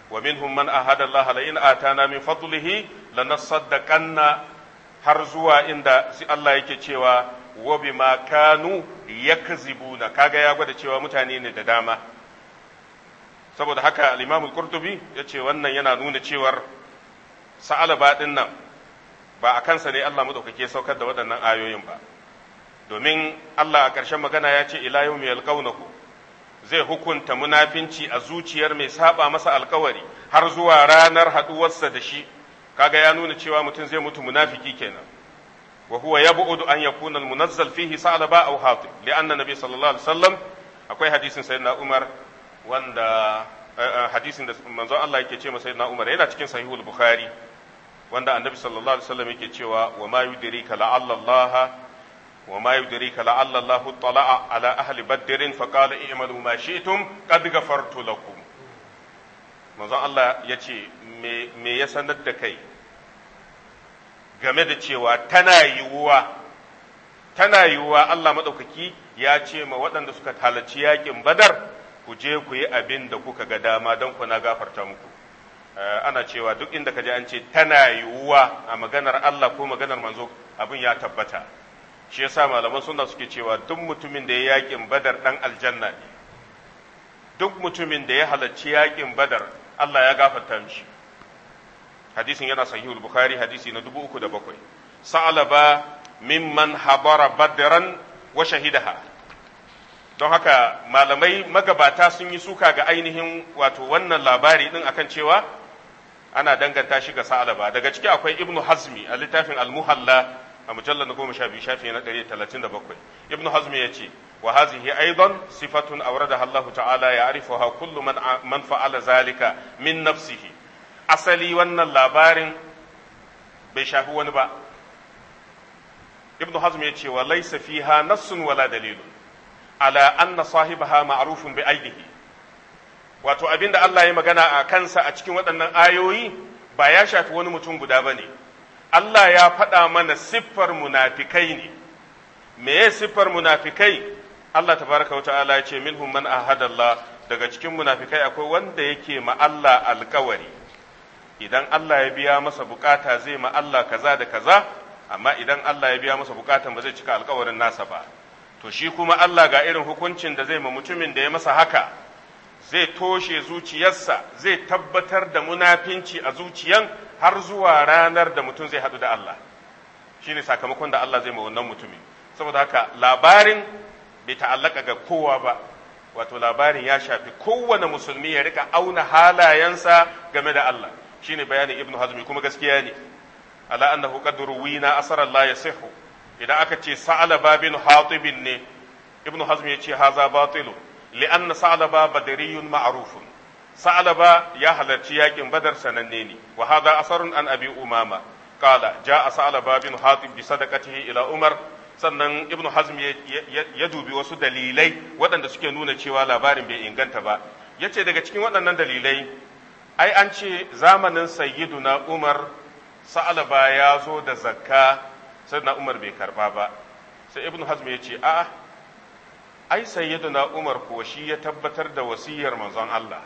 wa minhum man lahala Allah la in atana min fadlihi lanasaddaqanna har zuwa inda Allah yake cewa wa ma kanu yakzibuna kaga ya gwada cewa mutane ne da dama saboda haka al-Imam al-Qurtubi yace wannan yana nuna cewar sa'alaba din nan ba a kansa ne Allah madaukake saukar da waɗannan ayoyin ba domin Allah a ƙarshen magana ya ce ila yawmi yalqawnahu zai hukunta munafinci a zuciyar mai saba masa alkawari har zuwa ranar haɗuwarsa da shi kaga ya nuna cewa mutum zai mutu munafiki kenan wa huwa yab'udu an yakuna al-munazzal fihi sa'laba aw hatib li anna nabi sallallahu alaihi wasallam akwai hadisin sayyidina Umar wanda eh, eh, hadisin da manzon Allah yake ce masa sayyidina Umar yana cikin sahihul Bukhari wanda annabi sallallahu alaihi wasallam yake cewa wa ma yudrika la'alla Allah wa ma yudrika la'alla Allah tala'a ala ahli badrin fa qala i'malu ma shi'tum qad ghafartu lakum manzon Allah ya ce me ya sanar da kai game da cewa tana yiwuwa tana yiwuwa Allah maɗaukaki ya ce ma waɗanda suka halarci yakin badar ku je ku yi abin da kuka ga dama don ku na gafarta muku eh, ana cewa duk inda ka ji an ce tana yiwuwa a maganar Allah ko maganar manzo abin ya tabbata shi yasa malaman suna suke cewa duk mutumin da ya yaƙin badar dan aljanna ne duk mutumin da ya halarci yaƙin badar Allah ya gafarta mishi hadisin yana al bukhari hadisi na 3007 sa'alaba mimman habara badran wa shahidaha don haka malamai magabata sun yi suka ga ainihin wato wannan labari din akan cewa ana danganta shi ga sa'alaba daga ciki akwai ibnu hazmi a littafin al-muhalla a mujallar 12 shafi na 137 ibnu hazmi ya ce wa hazihi sifatun sifatun da Allah ta'ala ya'rifuha kullu man man fa'ala zalika min nafsihi asali wannan labarin bai shafi wani ba ibnu hazm ya ce wa laysa fiha nassun wala dalilu. ala anna sahibaha ma'rufun bi aidihi wato abinda Allah ya magana a kansa a cikin waɗannan ayoyi ba ya shafi wani mutum guda ba ne Allah ya faɗa mana siffar munafikai ne me siffar munafikai Allah tabaraka wa ta'ala ya ce minhum man ahadallah daga cikin munafikai akwai wanda yake ma Allah alkawari idan Allah ya biya masa bukata zai ma Allah kaza da kaza amma idan Allah ya biya masa bukatan ba zai cika alkawarin nasa ba to shi kuma Allah ga irin hukuncin da zai ma mutumin da ya masa haka zai toshe zuciyarsa zai tabbatar da munafinci a zuciyan har zuwa ranar da mutum zai haɗu da Allah shine sakamakon da Allah zai ma wannan mutumin saboda haka labarin bai ta'allaka ga kowa ba wato labarin ya shafi kowane musulmi ya rika auna halayensa game da Allah shine bayanin ibnu hazmi kuma gaskiya ne ala annahu qad ruwina asar la yasihu idan aka ce sa'alaba bin hatib ne ibnu hazmi ya ce haza batilu li anna sa'alaba badriyun ma'rufun sa'alaba ya halarci yakin badar sananne ne wa hadha asarun an abi umama qala jaa sa'alaba bin hatib bi sadaqatihi ila umar sannan ibnu hazm ya dubi wasu dalilai waɗanda suke nuna cewa labarin bai inganta ba ya ce daga cikin waɗannan dalilai ai an ce zamanin sayyiduna umar sa'alaba ya zo da zakka sayyiduna umar bai karba ba sai ibnu hazm ya ce a'a ai sayyiduna umar ko shi ya tabbatar da wasiyar manzon Allah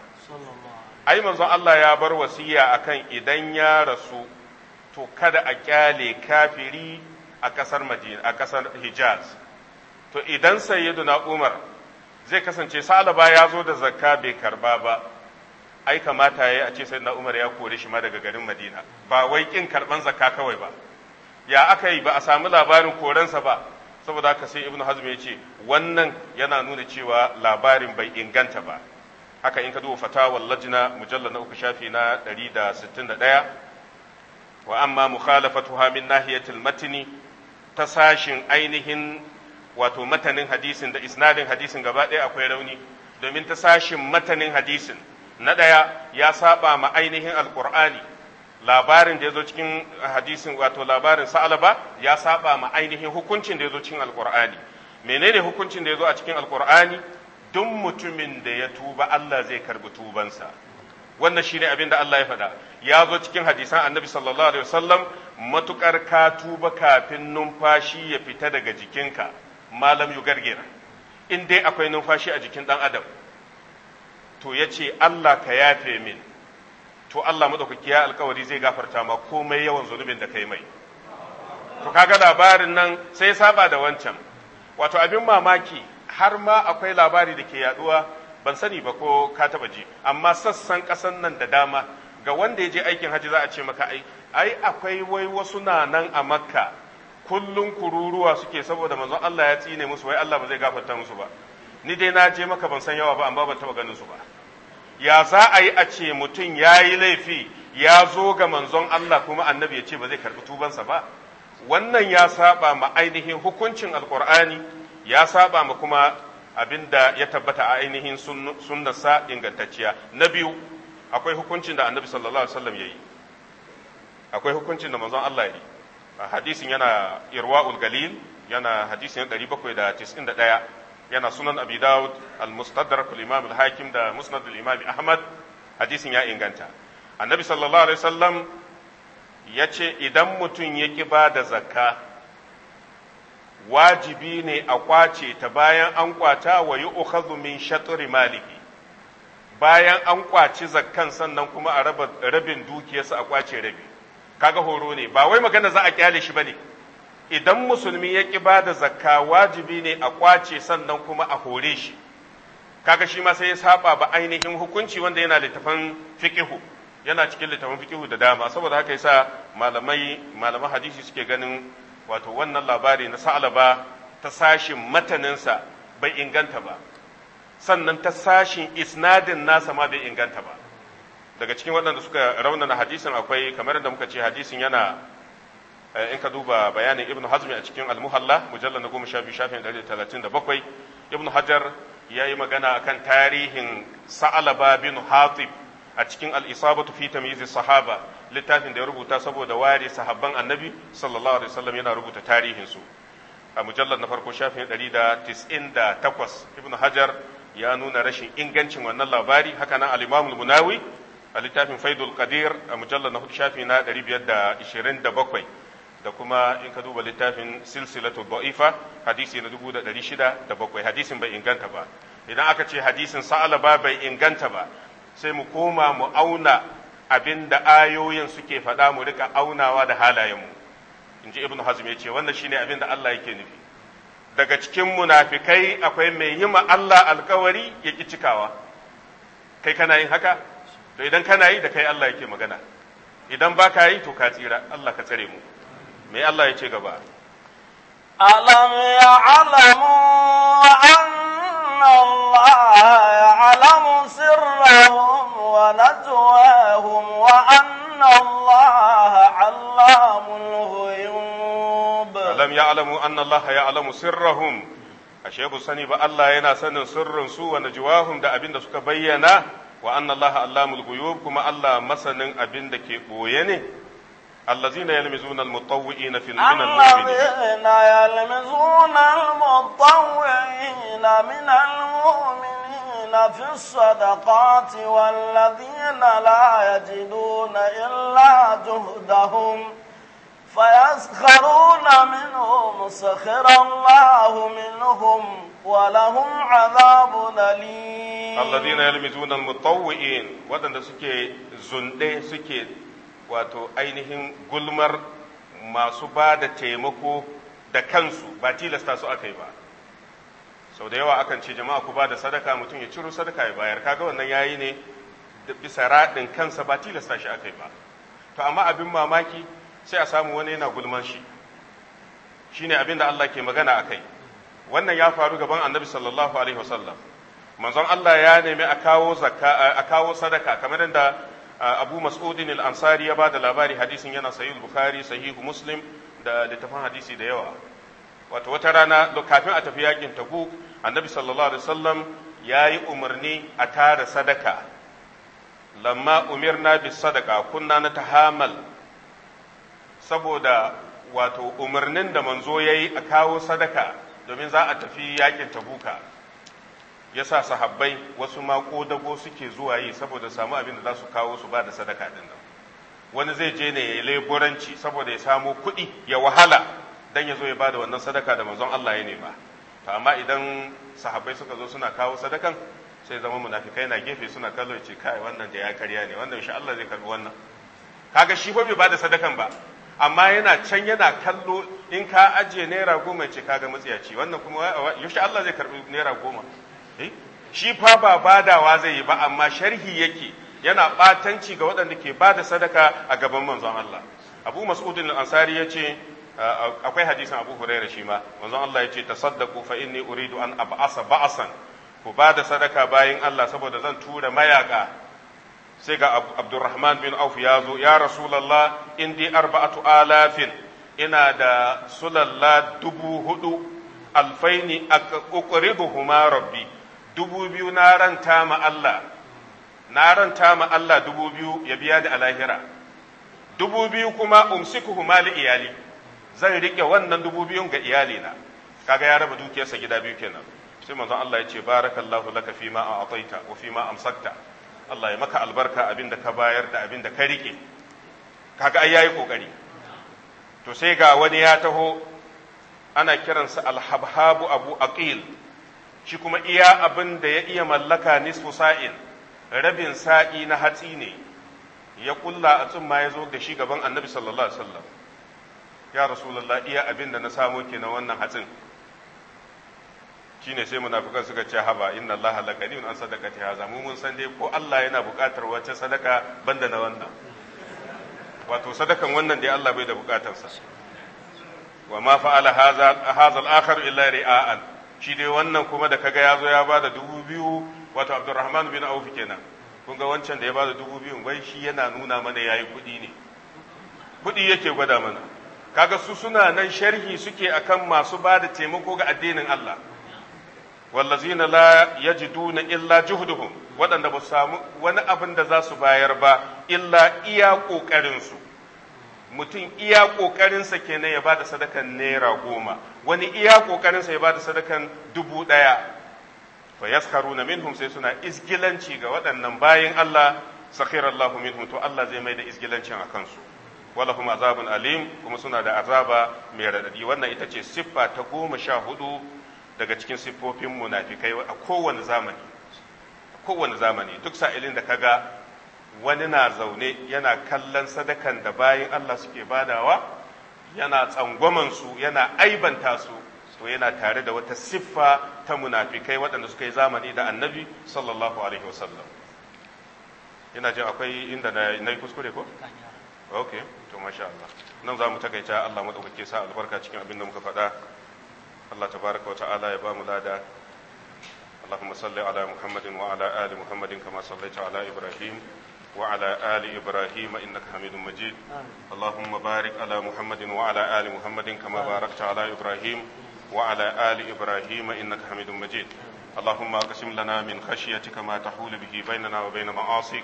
ai manzon Allah ya bar wasiya akan idan ya rasu to kada a kyale kafiri a ƙasar Madina a ƙasar Hijaz to idan sayyiduna Umar zai kasance Salaba ya zo da zakka bai karba ba ai kamata yayi a ce sayyiduna Umar ya kore shi ma daga garin Madina ba wai kin karban zakka kawai ba ya aka yi ba a samu labarin korensa ba saboda haka sai ibnu Hazm ya ce wannan yana nuna cewa labarin bai inganta ba haka in ka duba fatawar lajina mujallar na uku shafi na 161 wa amma mukhalafatuha min nahiyatil matni ta sashin ainihin wato matanin hadisin da isnadin hadisin gaba ɗaya akwai rauni domin ta sashin matanin hadisin na ɗaya ya saba ma ainihin alƙur'ani labarin da ya zo cikin hadisin wato labarin sa'alaba ya saba ma ainihin hukuncin da ya zo cikin alƙur'ani menene hukuncin da ya zo a cikin alkur'ani duk mutumin da ya tuba Allah zai karbi tubansa wannan shine abin da Allah ya faɗa ya zo cikin hadisan annabi sallallahu alaihi wasallam matukar ka tuba kafin numfashi ya fita daga jikinka malam yu gargira in dai akwai numfashi a jikin dan adam to ya ce Allah ka yafe min to Allah madaukaki ya alkawari zai gafarta ma komai yawan zunubin da kai mai to kaga labarin nan sai saba da wancan wato abin mamaki har ma akwai labari da ke yaduwa ban sani ba ko ka taba ji amma sassan ƙasan nan da dama ga wanda ya je aikin haji za a ce maka ai ai akwai wai wasu na nan a makka kullun kururuwa suke saboda manzon Allah ya tsine musu wai Allah ba zai gafarta musu ba ni dai na je maka ban san yawa ba amma ban taba ganin su ba ya za a yi a ce mutum ya yi laifi ya zo ga manzon Allah kuma annabi ya ce ba zai karɓi tubansa ba wannan ya saba ma ainihin hukuncin alkur'ani ya saba ma kuma Abin da ya tabbata a ainihin sunnarsa ingantacciya na biyu akwai hukuncin da annabi sallallahu alaihi wasallam yi. akwai hukuncin da manzon Allah ya yayi hadisin yana irwaul galil yana hadisin 791 yana sunan abi daud al-mustadrak al-imam al-hakim da musnad al-imam ahmad hadisin ya inganta annabi sallallahu alaihi wasallam ya ce idan mutum ya ki ba da zakka wajibi ne a kwace ta bayan an kwata wa yi ukhadhu min shatri maliki bayan an kwaci zakkan sannan kuma a raba rabin dukiyarsa a kwace rabi kaga horo ne ba wai magana za a kyale shi bane idan musulmi ya ki bada zakka wajibi ne a kwace sannan kuma a hore shi kaga shi ma sai ya saba ba ainihin hukunci wanda yana littafin fiqhu yana cikin littafin fiqhu da dama saboda haka yasa malamai malaman hadisi suke ganin wato wannan labari na sa'alaba ta sashin mataninsa bai inganta ba sannan ta sashin isnadin nasa ma bai inganta ba daga cikin waɗanda suka raunana hadisin akwai kamar da muka ce hadisin yana eh, in ka duba bayanin Ibnu hazmi a cikin almuhalla mujallar na goma sha biyu shafin ɗari talatin da bakwai Ibnu hajar ya yi magana akan tarihin sa'alaba bin hatib a cikin al'isabatu fi tamyiz sahaba littafin da ya rubuta saboda ware sahabban annabi sallallahu alaihi wasallam yana rubuta tarihinsu a mujallar na farko shafin 198 Ibn hajar ya nuna rashin ingancin wannan labari haka nan al-imam munawi a littafin faidul qadir a mujallar na shafi na 527 da kuma in ka duba littafin silsilatu da'ifa hadisi na 1607 hadisin bai inganta ba idan aka ce hadisin sa'alaba bai inganta ba sai mu koma mu auna abin da ayoyin suke faɗa mu rika aunawa da halayenmu in ji ibn hazm ya ce wannan shine abin da Allah yake nufi daga cikin munafikai akwai mai yi ma Allah alkawari ya ki cikawa kai kana yin haka to idan kana yi da kai Allah yake magana idan ba ka yi to ka tsira Allah ka tsare mu mai Allah ya ce gaba alam ya alamu anna Allah ya alamu sirrahum wa najwa وأن الله علام الغيوب ألم يعلموا أن الله يعلم سرهم ashe bu sani ba Allah yana sanin sirrin su wa da abinda suka bayyana wa anna Allah allamul kuma Allah masanin abin ke boye ne الذين يلمزون المطوئين في من الذين يلمزون المطوئين من المؤمنين يسارعون في الصدقات والذين لا يجدون إلا جهدهم فيسخرون منهم سخر الله منهم ولهم عذاب أليم الذين يلمزون المطوئين ودن سكي زندي سكي واتو أينهم قلمر ما سباد تيمكو da kansu ba tilasta su sau da yawa akan ce jama'a ku ba da sadaka mutum ya ciro sadaka ya bayar kaga wannan yayi ne bisa raɗin kansa ba tilasta shi akai ba to amma abin mamaki sai a samu wani yana gulman shi shine abin da Allah ke magana akai wannan ya faru gaban annabi sallallahu alaihi wasallam manzon Allah ya nemi a kawo zakka a kawo sadaka kamar yadda Abu Mas'udin al-Ansari ya bada labari hadisin yana sahih Bukhari sahih Muslim da littafin hadisi da yawa wato wata rana kafin a tafi yakin Tabuk annabi sallallahu alaihi wasallam ya yi umarni a tara sadaka lamma umirna bi sadaka kunna na tahamal saboda wato umarnin da manzo ya yi a kawo sadaka domin za a tafi yakin tabuka ya sa sahabbai wasu ma dago suke zuwa yi saboda samu abin da za su kawo su ba da sadaka din nan wani zai je ne ya yi leburanci saboda ya samo kuɗi ya wahala don ya zo ya ba da wannan sadaka da manzon Allah ya nema to amma idan sahabbai suka zo suna kawo sadakan sai zama munafikai na gefe suna kallo ce kai wannan da ya karya ne wannan insha Allah zai karbi wannan kaga shi fa bai bada sadakan ba amma yana can yana kallo in ka ajiye naira goma ce kaga matsiyaci wannan kuma insha Allah zai karbi naira goma eh shi fa ba badawa zai yi ba amma sharhi yake yana batanci ga waɗanda ke bada sadaka a gaban manzon Allah Abu Mas'ud al-Ansari yace Uh, akwai hadisin Abu Huraira shi ma manzon Allah ya ce tasaddaqu fa inni uridu an ab'asa ba'asan ku ba da sadaka bayin Allah saboda zan tura mayaka sai ga Abdurrahman bin Auf ya zo ya Rasulullah indi arba'atu alafin ina da sulalla dubu hudu alfaini uqriduhuma rabbi dubu biyu na ranta ma Allah na ranta ma Allah dubu biyu ya biya da alahira dubu biyu kuma umsikuhuma li iyali zan riƙe wannan dubu biyun ga iyalina kaga ya raba dukiyarsa gida biyu kenan sai manzon Allah ya ce barakallahu laka fi ma a'taita wa fi ma amsakta Allah ya maka albarka abinda ka bayar da abinda ka rike kaga ai yayi kokari to sai ga wani ya taho ana kiransa alhabhabu abu aqil shi kuma iya abin da ya iya mallaka nisfu sa'in rabin sa'i na hatsi ne ya kulla a tsumma ya zo da shi gaban annabi sallallahu alaihi wasallam ya rasulullah iya abin da na samu kenan wannan hatsin shine sai munafikan suka ce haba inna Allah la qadirun an sadaqati haza mu mun san dai ko Allah yana buƙatar wacce sadaka banda na wannan wato sadakan wannan dai Allah bai da buƙatar sa wa ma fa'ala haza haza al-akhar illa ri'a'an shi dai wannan kuma da kaga yazo ya bada dubu biyu wato Abdurrahman bin Auf kenan kun ga wancan da ya bada dubu biyu bai shi yana nuna mana yayi kuɗi ne kuɗi yake gwada mana kaga su suna nan sharhi suke akan masu ba da taimako ga addinin Allah wallazina la yajiduna illa juhduhum waɗanda ba samu wani abin da za su bayar ba illa iya ƙoƙarinsu mutum iya ƙoƙarinsa kenan ya bada sadakan naira goma wani iya ƙoƙarinsa ya ba da sadakan dubu ɗaya fa na minhum sai suna isgilanci ga waɗannan bayin Allah sakhirallahu minhum to Allah zai mai da isgilancin a kansu wala kuma azabun alim kuma suna da azaba mai radadi wannan ita ce siffa ta goma sha hudu daga cikin siffofin munafikai a kowane zamani a kowane zamani duk sa'ilin da kaga wani na zaune yana kallon sadakan da bayan Allah suke badawa yana tsangwaman su yana aibanta su to yana tare da wata siffa ta munafikai waɗanda suka yi zamani da annabi sallallahu alaihi wasallam ina jin akwai inda na yi kuskure ko okay masha Allah nan za mu takaita Allah maɗaukake sa albarka cikin abin da muka faɗa Allah tabaraka wa ta'ala ya ba mu lada Allahumma salli ala Muhammadin wa ala ali Muhammadin kama sallaita ala Ibrahim wa ala ali Ibrahim innaka Hamidum Majid Allahumma barik ala Muhammadin wa ali Muhammadin kama barakta ala Ibrahim wa ala ali Ibrahim innaka Hamidum Majid اللهم اقسم لنا من خشيتك ما تحول به بيننا وبين معاصيك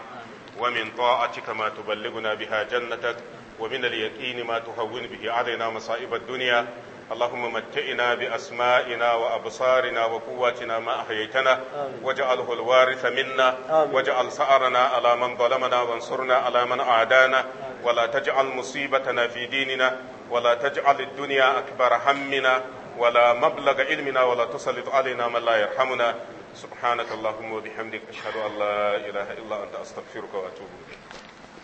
ومن طاعتك ما تبلغنا بها جنتك ومن اليقين ما تهون به علينا مصائب الدنيا اللهم متئنا بأسمائنا وأبصارنا وقواتنا ما أحييتنا واجعله الوارث منا واجعل سأرنا على من ظلمنا وانصرنا على من أعدانا ولا تجعل مصيبتنا في ديننا ولا تجعل الدنيا أكبر همنا ولا مبلغ علمنا ولا تسلط علينا من لا يرحمنا سبحانك اللهم وبحمدك أشهد أن لا إله إلا أنت أستغفرك وأتوب إليك